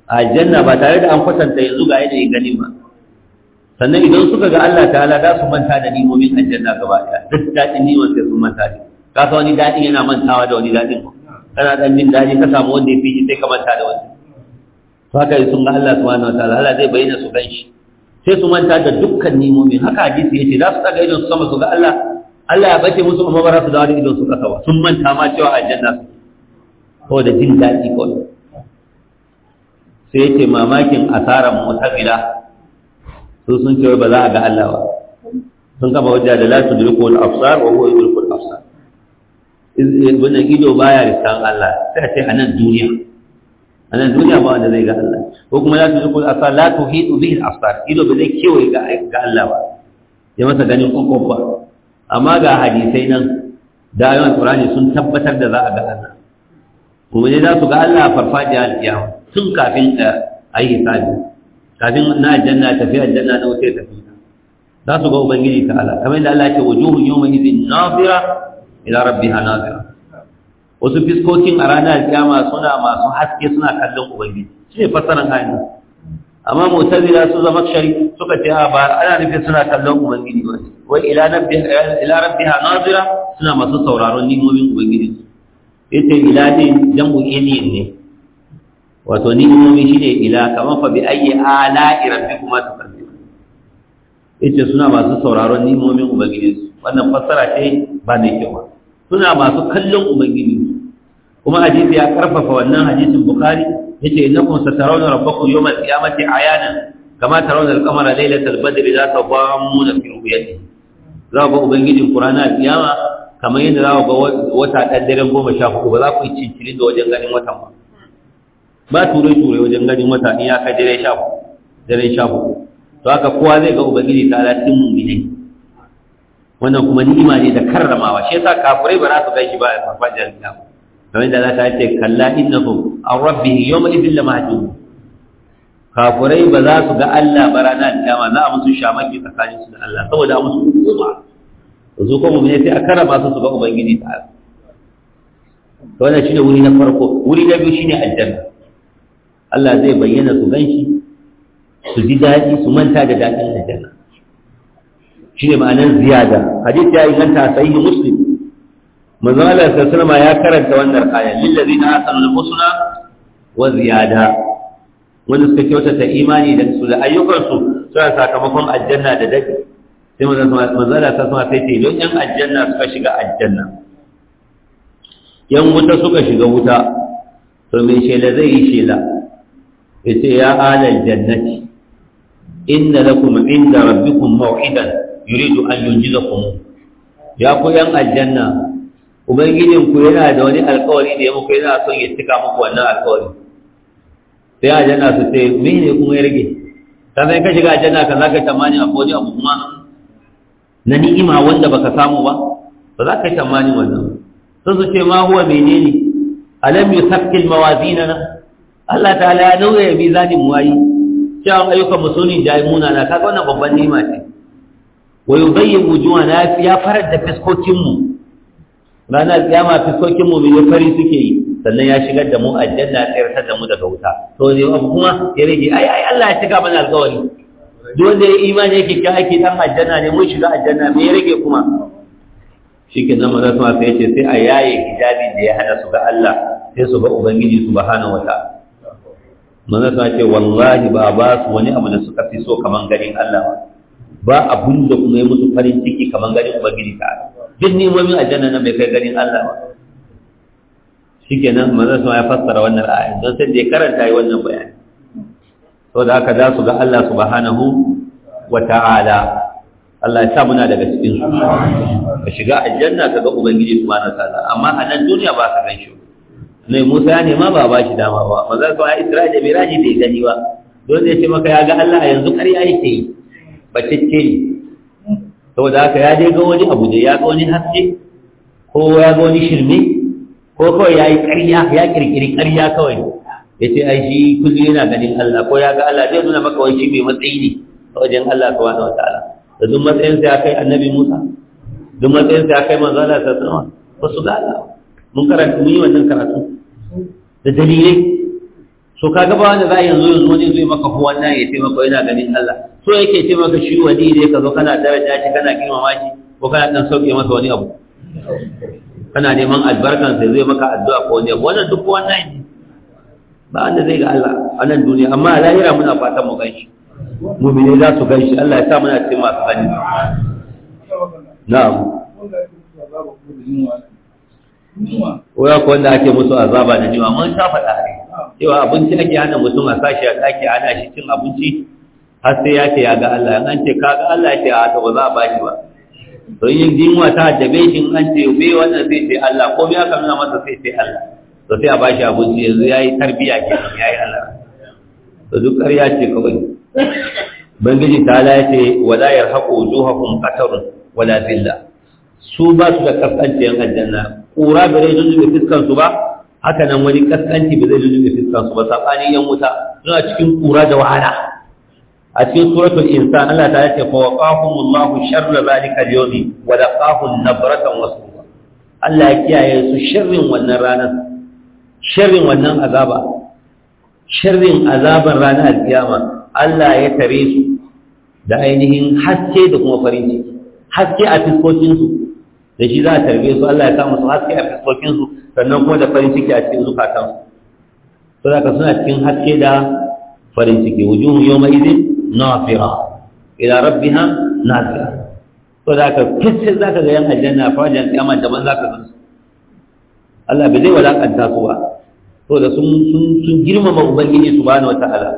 aljanna ba tare da an kwatanta yanzu ga yanayin ganin ba sannan idan suka ga Allah ta'ala za su manta da nimomin aljanna gaba ɗaya duk daɗin nimon sai sun manta ne ka sa wani daɗin yana mantawa da wani daɗin kana ɗan jin daɗi ka samu wanda ya fi sai ka manta da wani to haka sun ga Allah subhanahu wataala Allah zai bayyana su kan shi sai su manta da dukkan nimomi haka hadisi yace za su daga idon su sama su ga Allah Allah ya bace musu amma ba su dawo da idon su kasa ba sun manta ma cewa aljanna ko da jin daɗi kawai sai yake mamakin asaran mutabila su sun ce ba za a ga Allah ba sun kama wajja da la tudriku al-absar wa huwa yudriku al-absar idan ido baya risan Allah sai a ce a nan duniya a nan duniya ba wanda zai ga Allah ko kuma la tudrikul absar la tuhitu bihi al-absar ido ba zai kewaye ga ga Allah ba ya masa ganin kokon ba amma ga hadisai nan da ayoyin Qur'ani sun tabbatar da za a ga Allah kuma ne za su ga Allah farfajiya al-qiyama tun kafin da eh, ayi hisabi kafin na aljanna tafi aljanna na wuce tafi za su ga ubangiji ta'ala kamar da Allah ya ce wujuhun yawma idhin nadira ila rabbiha nadira wasu fiskokin a ranar kiyama suna masu haske suna kallon ubangiji shi ne fassarar hanyar amma mutazila su zama shari suka ce ba ana nufin suna kallon ubangiji ba wai ila rabbiha nazira suna masu sauraron nimomin ubangiji yace ila ne jam'u iliyin ne wato nimomi ne ila kaman fa bi ayyi kuma ta tukadzibun yace suna masu sauraron nimomin ubangiji wannan fassara ce ba ne kyau ba. suna masu kallon ubangiji kuma hadisi ya karfafa wannan hadisin bukhari yace innakum satarawna rabbakum yawm al-qiyamati ayana kama tarawna al-qamara laylatal badri la tadammuna fi ru'yati za ku ubangijin qur'ana al-qiyama kamar yadda za ku ga wata dan daren 14 ba za ku cinciri da wajen ganin wata ba ba ture ture wajen ganin wata in ya kai dare 14 dare 14 to haka kowa zai ga ubangiji ta alatin cikin wannan kuma ni'ima ne da karramawa shi yasa kafirai ba za su gaishe ba a farfajiyar kiyama kamar da Allah ta ce kalla innahum an rabbi rabbihim yawma idin lamahjubun kafurai ba za su ga Allah ba ranar kiyama za a musu shamaki tsakanin su da Allah saboda a musu hukuma su kuma ne sai a karama su su ga ubangiji ta to wannan shine wuri na farko wuri na biyu shine aljanna Allah zai bayyana su ganshi su ji daɗi su manta da daɗin aljanna shine ma'anar ziyada hadith ya yi inganta sahihi muslim manzo Allah sallallahu alaihi ya karanta wannan aya lil ladina ahsanul husna wa ziyada wanda suka kyautata imani da su da ayyukansu suna sakamakon aljanna da dadi sai manzo Allah sallallahu alaihi sai ce don yan aljanna suka shiga aljanna yan wuta suka shiga wuta to me shela zai yi shela yace ya alal jannati inna lakum inda rabbikum maw'idan yuridu an yunjizakum ya ku yan aljanna ubangijin ku yana da wani alkawari da ya muku yana son ya cika muku wannan alkawari sai a aljanna su ce ne kuma ya rage sannan ka shiga aljanna ka za ka tamani a koji abu kuma na ni'ima wanda baka samu ba ba za ka yi tamani wannan sun su ce ma huwa menene alam mawazina na. Allah Ta ta'ala ya bi zanin mu wayi cewa ayyukan mu sunin jayi muna na kaga wannan babban ni'ima ce wa yubayyin na ya farar da fiskokin mu ranar kiyama sokin mu ne fari suke yi sannan ya shigar da mu aljanna ya tsayar da mu daga wuta to ne abu kuma ya rage ai ai Allah ya shiga mana alƙawari duk wanda ya imani yake ka ake dan aljanna ne mun shiga aljanna me ya rage kuma nan maza su sai ce sai a yaye hijabi da ya hada su ga Allah sai su ga ubangiji subhanahu wataala maza su ce wallahi ba ba su wani abu da suka fi so kaman ganin Allah ba abun da kuma ya musu farin ciki kaman ganin ubangiji ta'ala duk nimomin aljanna na bai kai ganin Allah ba shikenan manzon ma ya fassara wannan aya don sai da ya karanta yi wannan bayani saboda haka za su ga Allah subhanahu wa ta'ala Allah ya sa muna daga cikin su ka shiga aljanna ka ga ubangiji subhanahu wa ta'ala amma a nan duniya ba ka gan shi ne Musa ya nema ba ba shi dama ba manzon sama ya Isra'i da Miraji bai gani ba don zai ce maka ya ga Allah a yanzu ƙarya yake yi ba cece saboda haka ya dai ga wani abu da ya ga wani haske ko ya ga wani shirme ko kawai ya yi ƙarya ya ƙirƙiri ƙarya kawai ya ce ai shi kulli yana ganin Allah ko ya ga Allah zai nuna maka wani shi mai matsayi ne a wajen Allah wata wataala da duk matsayin sa ya kai annabi Musa duk matsayin sa ya kai manzo Allah sallallahu alaihi ba su ga Allah mun karanta mun yi wannan karatu da dalilai so ka gaba wanda za yanzu yanzu wani zai maka ko wannan ya ce maka yana ganin Allah so yake ce maka shi wani ne ka zo kana daraja shi kana girmama shi ko kana dan sauke masa wani abu kana neman albarkan sai zai maka addu'a ko wani abu wannan duk wannan ne ba wanda zai ga Allah a nan duniya amma a lahira muna fatan mu ganshi ne za su ganshi Allah ya sa muna cikin masu gani na'am ko ya wanda ake musu azaba da jima mun sha faɗa ne cewa abinci ake hana mutum a sashi a ɗaki ana shi cin abinci har sai ya ce ya ga Allah an ce ka ga Allah ya ce a ta ba za a bashi ba to yin jinwa ta jabe shi an ce bai wannan zai ce Allah ko ya nuna masa sai ce Allah to sai a bashi abinci yanzu yi tarbiya kenan yi Allah to duk ƙarya ce kawai bangiji ta ala ya ce wala yarhaqu wujuhakum qatarun wala zilla su ba su da kasanciyar aljanna ƙura ba zai lullube fiskansu ba haka nan wani kaskanci ba zai lullube fiskansu ba saɓanin yan wuta suna cikin ƙura da wahala a cikin suratul insan Allah ta ce fa waqahum Allah sharra zalika al-yawm wa laqahum nabratan wasuwa Allah ya kiyaye su sharrin wannan ranar sharrin wannan azaba sharrin azaban ranar alkiyama Allah ya tare su da ainihin haske da kuma farin ciki haske a fiskokinsu da shi za a tarbe su Allah ya sa musu haske a fiskokin su sannan kuma da farin ciki a cikin zukatan su to ka suna cikin haske da farin ciki wujuhu yawma idin nafira ila rabbiha nafira to kace za ka ga yan aljanna fajan kiyama za ka ga Allah bai zai walakanta su ba to da sun sun girmama ubangiji subhanahu wataala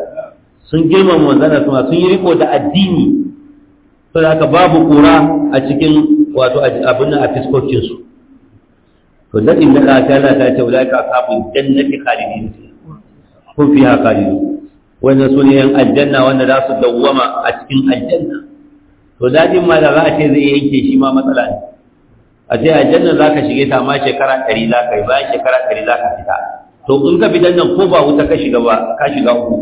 sun girmama manzana suma sun yi riko da addini to da babu kura a cikin wato abin nan a fiskokinsu to nadin na ɗata na ta ce wulaka kafin jannati khalidin ko fi haka wanda su ne yan aljanna wanda za su dawwama a cikin aljanna to dadin ma da za a ce zai yanke shi ma matsala ne a ce aljanna za ka shige ta ma shekara ɗari za ka yi bayan shekara ɗari za ka fita to in ka bi dannan ko ba wuta ka shiga ba ka shiga uku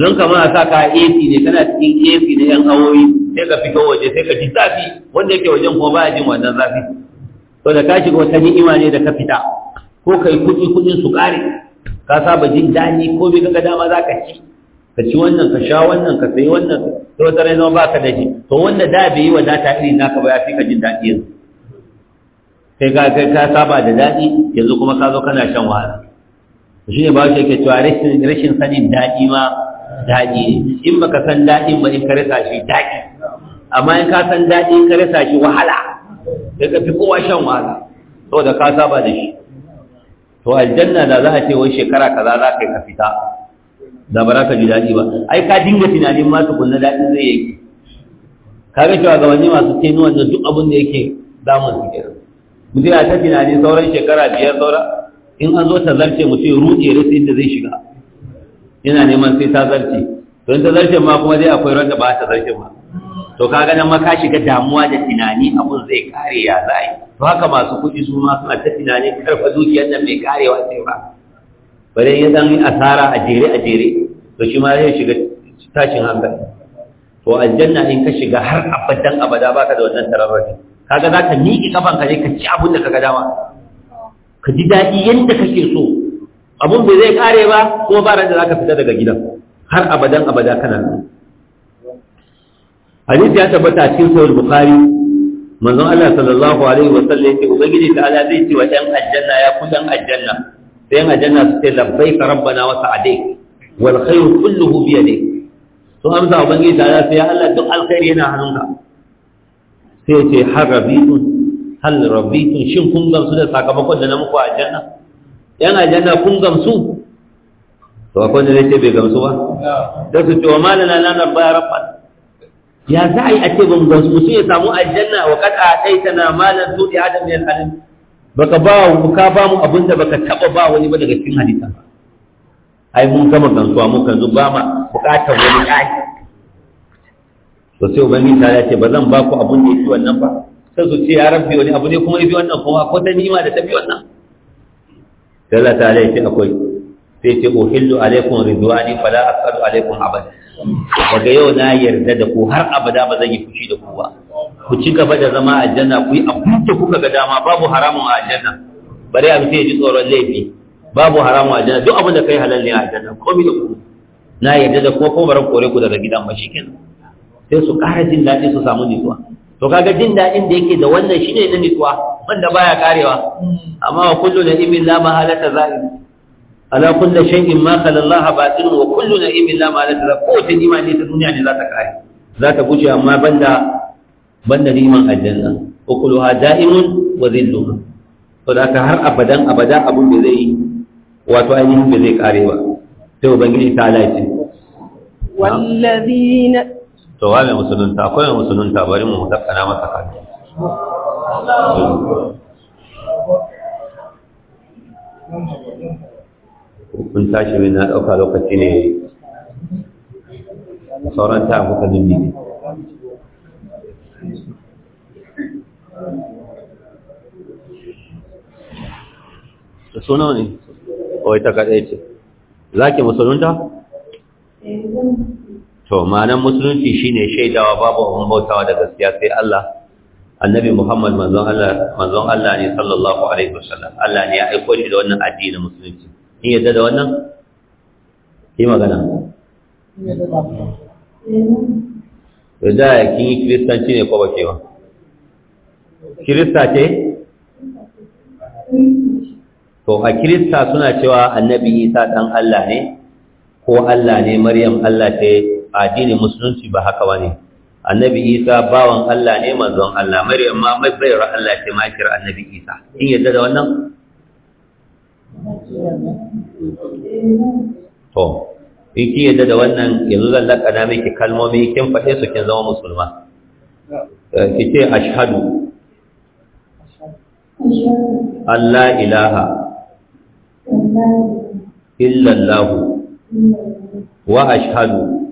don kama a sa ka AC ne kana cikin AC na yan awoyi sai ka fito waje sai ka ji zafi wanda yake wajen kuma baya jin wannan zafi to da ka shiga wata ni'ima ne da ka fita ko kai kuɗi kuɗin su ƙare ka saba jin daɗi ko bai kaga dama za ka ci ka ci wannan ka sha wannan ka sayi wannan to wata rai zama ba ka da shi to wanda da bai yi wadata irin naka ba ya fi ka jin daɗi yanzu sai ka kai ka saba da daɗi yanzu kuma ka zo kana shan wahala shi ne ba shi ke cewa rashin sanin daɗi ma daɗi ne in baka san daɗin ba in ka rasa shi daɗi amma in ka san daɗi ka rasa shi wahala sai ka fi kowa shan wahala saboda ka saba da shi to aljanna da za a ce wai shekara kaza za ka yi ka fita da ba za ka ji daɗi ba ai ka dinga tunanin ma na daɗin zai yi ka ga cewa wani masu tenuwan da duk abin da yake damun su kenan mutum ya ta tunanin sauran shekara biyar saura in an zo ta zarce mutum ya ruɗe rasa inda zai shiga yana neman sai ta zarce don ta zarce ma kuma dai akwai randa ba ta zarce ma to ka ganin ma ka shiga damuwa da tunani abun zai kare ya zai to haka masu kuɗi su ma suna ta tunani karfa zuciyar nan mai karewa sai ba bare ya dan asara a jere a jere to shi ma zai shiga tashin hankali to aljanna in ka shiga har abadan abada baka da wannan tararrafi kaga za ka miƙe kafanka ne ka ci abin da kaga dama ka ji daɗi yadda kake so abun bai zai kare ba kuma ba ran da zaka fita daga gidan har abadan abada kana nan hadisi ya tabbata cikin sahih bukhari manzon Allah sallallahu alaihi wa sallam ce ubangiji ta ala zai ce wa ɗan aljanna ya ku dan aljanna sai ɗan aljanna su ce labbaika rabbana wa sa'adik wal khairu kulluhu bi yadik to amsa ubangiji ta ala sai ya Allah duk alkhairi yana hannunka sai ce har rabitun hal rabitun shin kun gamsu da sakamakon da na muku a aljanna yan aljanna kun gamsu to akwai wanda zai ce bai gamsu ba da su ce wa malana na nan baya rabban ya za a yi a ce ban gamsu mutum ya samu aljanna wa kada a kai na malan su da adam ya halin baka ba mu ka ba mu abin da baka taba ba wani ba daga cikin hadisa ai mun gama gamsuwa mun kan ba ma bukatar wani ƙai to sai ubangiji ta ce ba zan ba ku abin da ya fi wannan ba sai su ce ya rabbi wani abu ne kuma ya fi wannan kuma akwai ta nima da ta fi wannan sai Allah ta laifi akwai sai ce uhillu alaikum ridwani fala asadu alaikum abada daga yau na yarda da ku har abada ba zan yi fushi da ku ba ku ci gaba da zama a aljanna ku yi abin da kuka ga dama babu haramun a aljanna bare a mutum ya ji tsoron laifi babu haramun a aljanna duk abin da kai halal ne a aljanna komai da ku na yarda da kuma kuma baran kore ku daga gidan ba shikenan sai su ƙara jin daɗi su samu nutsuwa to kaga jin daɗin da yake da wannan shine na nutsuwa wanda baya karewa amma wa kullu na'imin la mahalata zahir ala kulli shay'in ma khala Allah batin wa kullu na'imin la mahalata zahir ko ta nima ne ta duniya ne za ta kare za ta guje amma banda banda niman aljanna ha da'imun wa zilluha to da ka har abadan abada abun da zai wato ainihin da zai kare ba sai ubangiji ta lalace wallazina to wa mai musulunta akwai mai musulunta bari mu mutakkana masa kafin kun tashi min na ɗauka lokaci ne sauran ta muka nuni da suna ne kawai ta kaɗai ce za ki musulunta? to ma'anan musulunci shine shaidawa babu abin bautawa da gaskiya sai Allah annabi Muhammad manzon Allah ne sallallahu alaihi wasallam Allah ne ya aiko shi da wannan addinin musulunci in yadda da wannan yi magana da ya kin yi kiristanci ne ko bake ba kirista ce to a kirista suna cewa annabi Isa dan Allah ne ko Allah ne Maryam Allah ce addinin musulunci ba haka ne. annabi isa bawan Allah ne manzon Allah maryam ma mai bayar Allah ce makir annabi isa in yadda da wannan to in ki yadda da wannan yanzu zan lakana miki kalmomi kin faɗe su kin zama musulma eh, ki ce ashhadu Allah ilaha illallahu wa ashhadu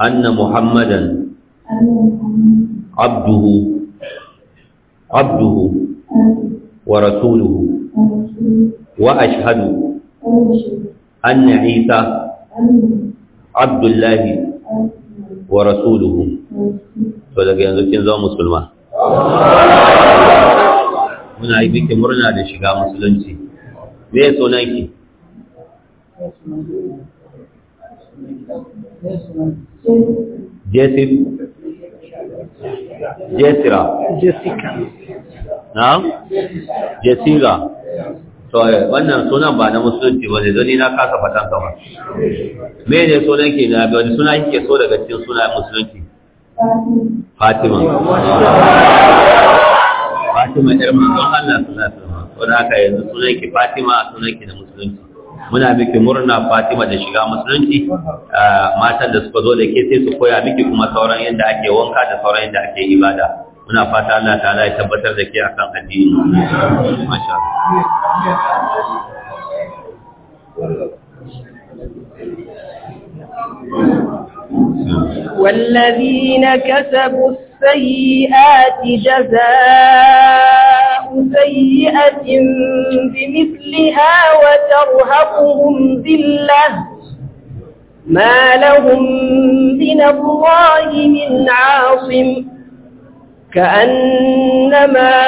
أن محمدا عبده عبده ورسوله وأشهد أن عيسى عبد الله ورسوله فلقد ينزل زوم مسلمة muna yi bikin murna da shiga musulunci me ya suna ki jesir نعم to eh, wannan sunan ba na musulunci ba ne zani na kasa fatan ba me ne sunan ke na wani suna kike so daga cikin suna musulunci fatima fatima yar manzon Allah suna alaihi suna yanzu suna ki fatima na musulunci muna miki murna Fatima da shiga musulunci ah, matan da suka zo da ke sai su koya miki kuma sauran yadda ake wanka da sauran yadda ake ibada muna fata Allah ta'ala ya tabbatar da ke akan addini masha والذين كسبوا السيئات جزاء سيئة بمثلها وترهقهم ذلة ما لهم من الله من عاصم كأنما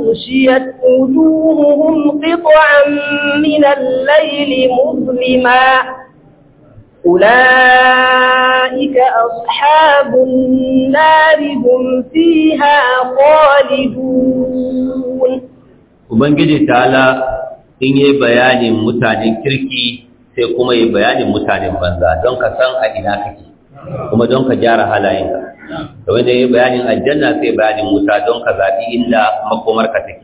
أغشيت وجوههم قطعا من الليل مظلما أولئك أصحاب النار هم فيها خالدون Ubangiji ala in yi bayanin mutanen kirki sai kuma yi bayanin mutanen banza don ka san a ina kake kuma don ka gyara halayenka. Da wanda yi bayanin aljanna sai bayanin wuta don ka zaɓi inda ka take.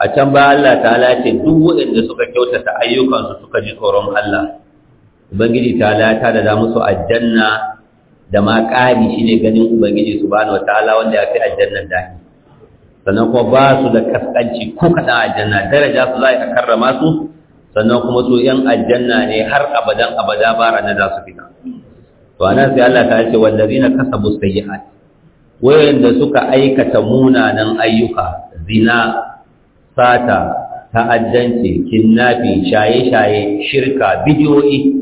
A can ba Allah ala ce duk waɗanda suka kyautata ayyukansu suka ji tsoron Allah ubangiji ta lata da za musu aljanna da ma ƙari shi ne ganin ubangiji su wa ta'ala wanda ya fi aljannan dani sannan kuma ba su da kaskanci ko kaɗan aljanna daraja su za a karrama su sannan kuma su yan aljanna ne har abadan abada ba ranar za su fita to anan sai Allah ta ce kasa busta yi sayyi'at wayanda suka aikata munanan ayyuka zina sata ta'addanci kinnafi shaye-shaye shirka bidiyoyi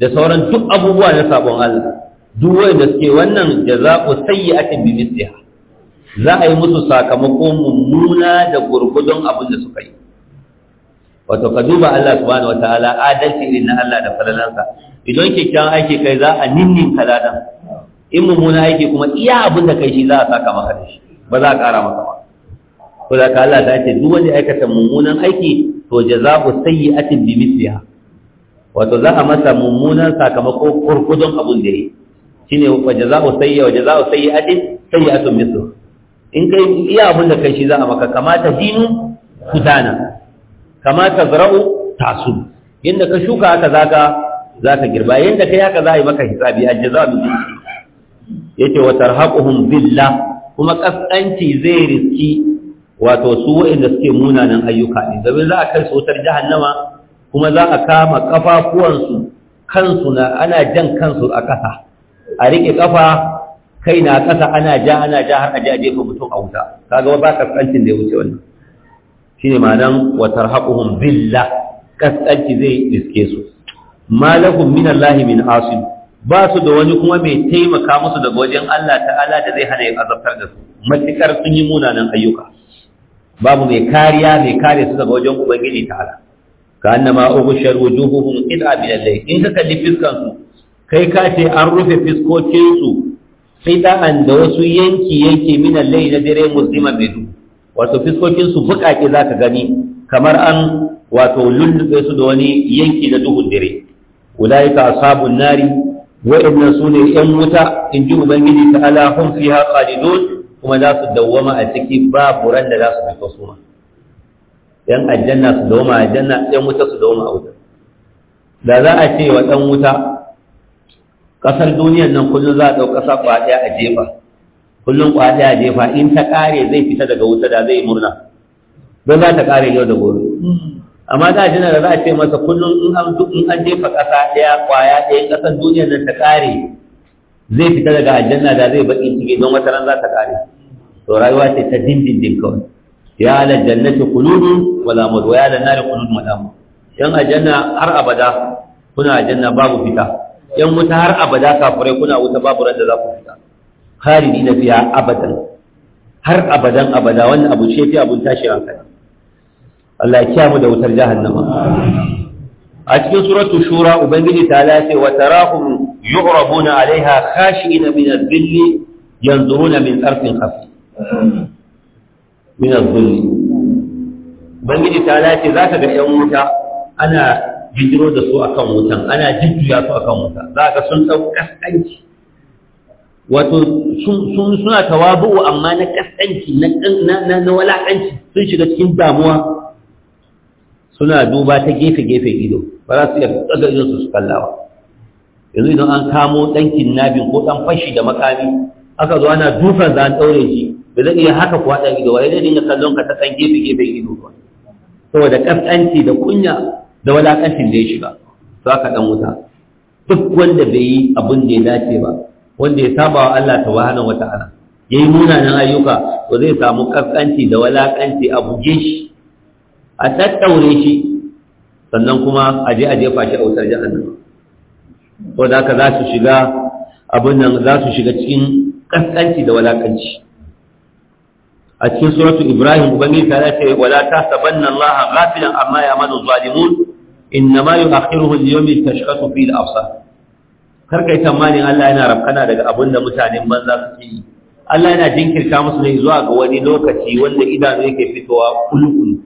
da sauran duk abubuwa na sabon Allah duk wanda suke wannan da za jaza'u sayyi'atin bi misliha za a yi musu sakamako mummuna da gurgudun abin da suka yi wato ka duba Allah subhanahu wataala adalci irin na Allah da falalansa idan kyakkyawan aiki kai za a ninnin kaladan in mummuna aiki kuma iya abin da kai shi za a saka maka da shi ba za a kara maka ba ko da ka Allah ta ce duk wanda aikata mummunan aiki to jaza'u sayyi'atin bi misliha wato za a masa mummunan sakamako kurkudun abun da yi waje wa a sayi wa jaza'u sayyi'atin sayyi'atun mithlu in kai iya abun da kai shi za a maka kamata dinu kudana kamata zara'u tasu yadda ka shuka haka za ka girba ka kai haka za a yi maka hisabi al-jaza'u ya ce wa tarhaquhum billah kuma kaskanci zai riski wato su wa'inda suke munanan ayyuka ne domin za a kai su wutar jahannama kuma za a kama kafafuwansu kansu na ana jan kansu a ƙasa a riƙe ƙafa kai na ƙasa ana ja ana ja har aje a jefa mutum a wuta kaga ba ƙasƙancin da ya wuce wannan ne ma'anan watar haƙuhun billa ƙasƙanci zai iske su ma lahum min Allah min asin ba su da wani kuma mai taimaka musu daga wajen Allah ta'ala da zai hana ya azabtar da su matukar sun yi munanan ayyuka babu mai kariya mai kare su daga wajen ubangiji ta'ala kana annama ughshar wujuhuhum qid'a min al in ka kalli fiskan su kai ka ce an rufe fiskokin su qida'an da wasu yanki yanki min al na dare muslima mai wato fiskokin su bukake zaka gani kamar an wato lullube su da wani yanki na duhun dare ulaika ashabun nari wa'annan su ne yan wuta in ji ubangiji ta ala hum fiha khalidun kuma za su dawwama a ciki babu ran da za su fito suma yan aljanna su doma aljanna yan wuta su doma a wuta da za a ce wa dan wuta kasar duniyar nan kullum za a ɗau ƙasa kwaɗaya a jefa kullum kwaɗaya a jefa in ta ƙare zai fita daga wuta da zai murna don za ta ƙare yau da gobe amma da jina da za a ce masa kullum in an duk in an jefa ƙasa ɗaya ƙwaya ɗaya ƙasar duniyar nan ta ƙare zai fita daga aljanna da zai baki ciki don wata ran za ta ƙare to rayuwa ce ta dindindin kawai ya la jannati qulubun wa la ya la nar qulubun wa la yan aljanna har abada kuna aljanna babu fita yan wuta har abada kafirai kuna wuta babu ran da za ku fita khalidina fiha abadan har abadan abada wannan abu ce fi abun tashi hankali Allah ya kiyamu da wutar jahannama a cikin suratu shura ubangiji ta lafi wa tarahum alaiha khashi'ina min al-dhilli yanzuruna min az-zulli ubangiji ta lace za ga yan wuta ana bijiro da su akan wutan ana jujjuya su akan wuta za sun dau kaskanci wato sun suna tawabu'u amma na kaskanci na na na walakanci sun shiga cikin damuwa suna duba ta gefe-gefe ido ba za su iya su kallawa yanzu idan an kamo ɗan Nabi ko ɗan fashi da makami aka zo ana dukan za an ɗaure shi ba zai iya haka kuwa ɗan ido wai zai dinga kallon ka ta kan gefe gefe ido ba saboda kaskanci da kunya da walakancin da ya shiga to aka dan wuta duk wanda bai yi abin da ya dace ba wanda ya saba wa Allah subhanahu ya yi munanan ayyuka to zai samu kaskanci da walakanci a buge shi a tattaure shi sannan kuma a je a jefa shi a wutar jahannama to da haka za su shiga abin nan za su shiga cikin kaskanci da walakanci a cikin suratu ibrahim ubangiji ta ce wala tahsabanna allaha ghafilan amma ya'malu zalimun innama yu'akhiruhu li-yawmin tashkhatu fihi al-absar kar kai tamanin Allah yana rafkana daga abin da mutanen banza suke yi Allah yana jinkirta musu ne zuwa ga wani lokaci wanda idanu yake fitowa kulkulu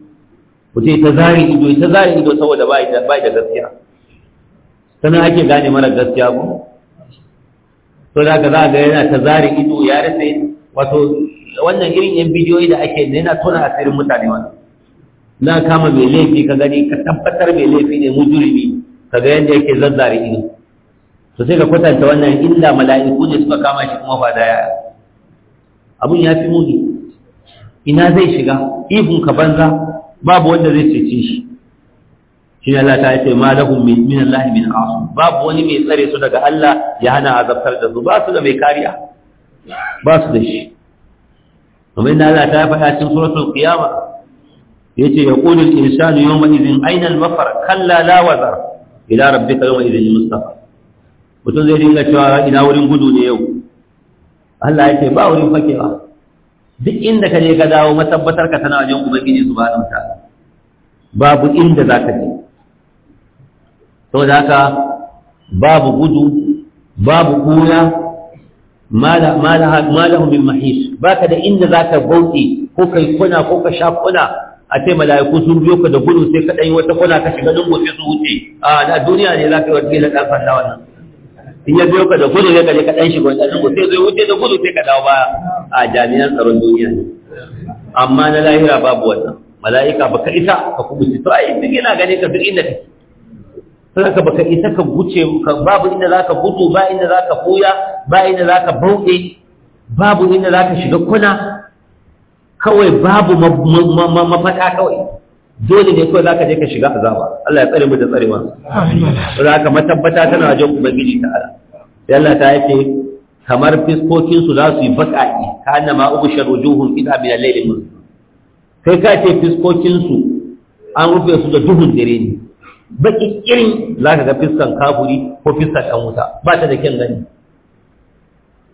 mutum ta zari ido ta zari ido saboda bai da bai da gaskiya sannan ake gane mara gaskiya ko to da ka za ga yana ta zari ido ya rasa wato wannan irin yan bidiyoyi da ake nuna tona asirin mutane wani na kama mai laifi ka gani ka tabbatar mai laifi ne mujurimi ka ga yadda yake zazzare ido to sai ka kwatanta wannan illa mala'iku ne suka kama shi kuma fada ya abun ya fi muni ina zai shiga ihun ka banza babu wanda zai cece shi ne Allah ta ce ma lahum min Allah min asu babu wani mai tsare su daga Allah ya hana azabtar da su ba su da mai kariya ba su da shi kuma yadda Allah ta faɗa cikin suratul qiyama yace yaqulu al-insanu yawma idhin ayna al-mafar kalla la wazar ila rabbika yawma idhin mustaqar mutum zai dinga cewa ina wurin gudu ne yau Allah yake ba wurin fakewa duk inda ka je ka dawo matabbatar ka tana wajen ubangiji subhanahu wa ta'ala babu inda za ka je saboda haka babu gudu babu kura malahu min mahis ka da inda za ka bauti ko kai kuna ko ka sha kuna a ce mala'iku sun biyo ka da gudu sai ka ɗanyi wata kuna ka shiga lungu sai su wuce a da duniya ne za ka yi wata gila ɗan sanda wannan in ya biyo ka da gudu sai ka je ka ɗan shiga wata lungu sai zai wuce da gudu sai ka dawo ba a jami'an tsaron duniya amma na lahira babu wannan mala'ika ba ka isa ka kuma ci to ai duk yana gane ka duk inda kake ka baka isa ka guce babu inda za ka gudu ba inda ka buya ba inda ka bauɗe babu inda ka shiga kuna kawai babu mafaka kawai dole ne kawai ka je ka shiga azaba Allah ya tsare mu da tsarewa ka matabbata tana wajen ubangiji ta ala. Yalla Allah ta yake kamar fiskokin su za su yi baka'i ka ma ubu wujuhum ila abil layl kai ka ce fiskokin su an rufe su da duhun dare ne baki kirin za ka ga fiskan kafuri ko fiskan ɗan wuta ba ta da kyan gani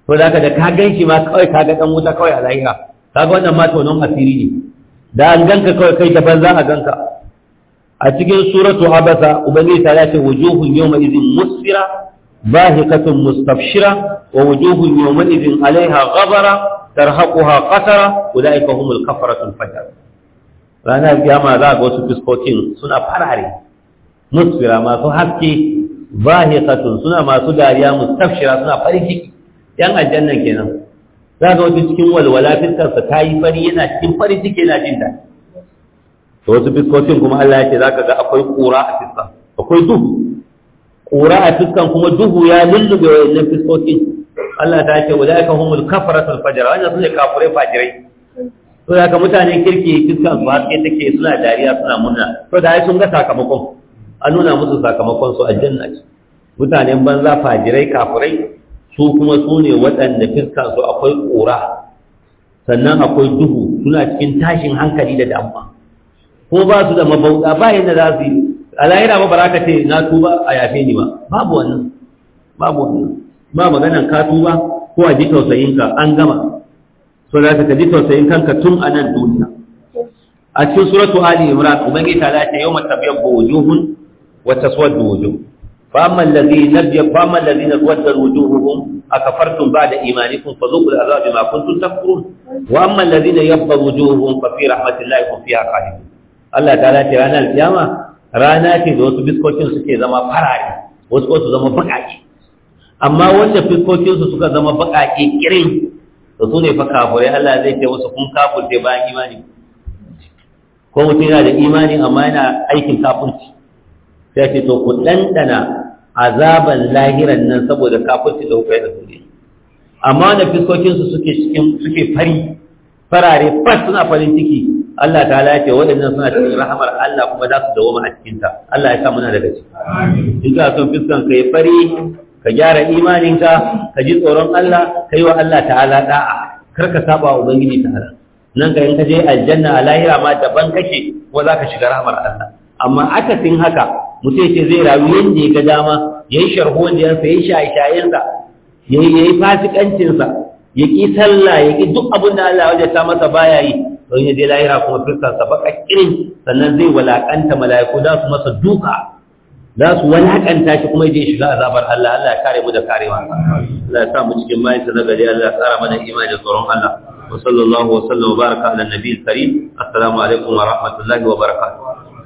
to za ka da ka gan shi ma kawai ka ga ɗan wuta kawai a layiha. ka ga wannan mata wani asiri ne da an ganka kawai kai daban za a ganka a cikin suratu abasa ubangiji ta ce wujuhun yawma idin musfira bahikatun mustafshira wa wujuhun yawma izin alaiha ghabara tarhaquha qasara ulaika humul kafaratul fajar ranar kiyama za a ga wasu fiskokin suna farare musfira masu haske zahiqatun suna masu dariya mustafshira suna farin ciki yan aljannan kenan za ka wata cikin walwala fiskarsa ta yi fari yana cikin farin ciki yana jin ta. to wasu fiskokin kuma Allah ya ce zaka ga akwai kura a fiska akwai duhu Kura a fiskar kuma duhu ya lullube wannan fiskokin Allah ta ce ulaika humul kafaratul fajr wannan sune kafirai fajirai to zaka mutane kirki fiskar su haske take suna dariya suna murna to da sun ga sakamakon an nuna musu sakamakon su aljanna ce mutanen banza fajirai kafirai su kuma su ne waɗanda fiskan su akwai ƙura sannan akwai duhu suna cikin tashin hankali da damuwa ko ba su da mabauta ba yadda za su yi a lahira ma baraka ce na tuba a yafe ni ba babu wannan babu wannan ba maganan ka tuba ko a ji tausayinka an gama so za ka ji tausayin kanka tun a nan duniya a cikin suratu ali imran ubangiji ta lafiya yau mata biyar wujuhun وتسود وجوه فأما الذين فأما الذين اسودت وجوههم أكفرتم بعد إيمانكم فذوقوا العذاب بما كنتم تكفرون وأما الذين يبقى وجوههم ففي رحمة الله هم فيها خالدون Allah ta lati ranar kiyama rana ce da wasu biskokin ke zama farare wasu su zama baƙaƙe. amma wanda fiskokin su suka zama baƙaƙe kirin to su ne fa kafirai Allah zai ce wasu kun kafirce bayan imani ko mutum yana da imani amma yana aikin kafirci sai ce to ku ɗanɗana azaban lahiran nan saboda kafirci da hukai da dole amma wanda fiskokinsu suke cikin suke fari farare fas suna farin ciki Allah ta lafiya waɗannan suna cikin rahamar Allah kuma za su dawo a cikinta Allah ya sa muna daga ciki in ka son fiskan ka yi fari ka gyara imaninka ka ji tsoron Allah ka yi wa Allah ta'ala da'a kar ka saba wa ubangiji ta'ala nan ga in ka je aljanna a lahira ma daban kake kuma za ka shiga rahamar Allah amma akasin haka mutum ce zai rayu yadda ya ga dama ya yi sharhuwan da ya yi shaye-shayensa ya yi fasikancinsa ya ƙi sallah ya ƙi duk abin da Allah wajen ta masa baya yi don ya je lahira kuma fuskarsa baka kirin sannan zai walakanta mala'iku za su masa duka za su walakanta shi kuma je shiga azabar Allah Allah ya kare mu da karewa Allah ya sa mu cikin bayan sa nagari Allah ya tsara mana imani da tsoron Allah wa sallallahu wa sallam wa baraka ala nabiyil karim assalamu alaikum wa rahmatullahi wa barakatuh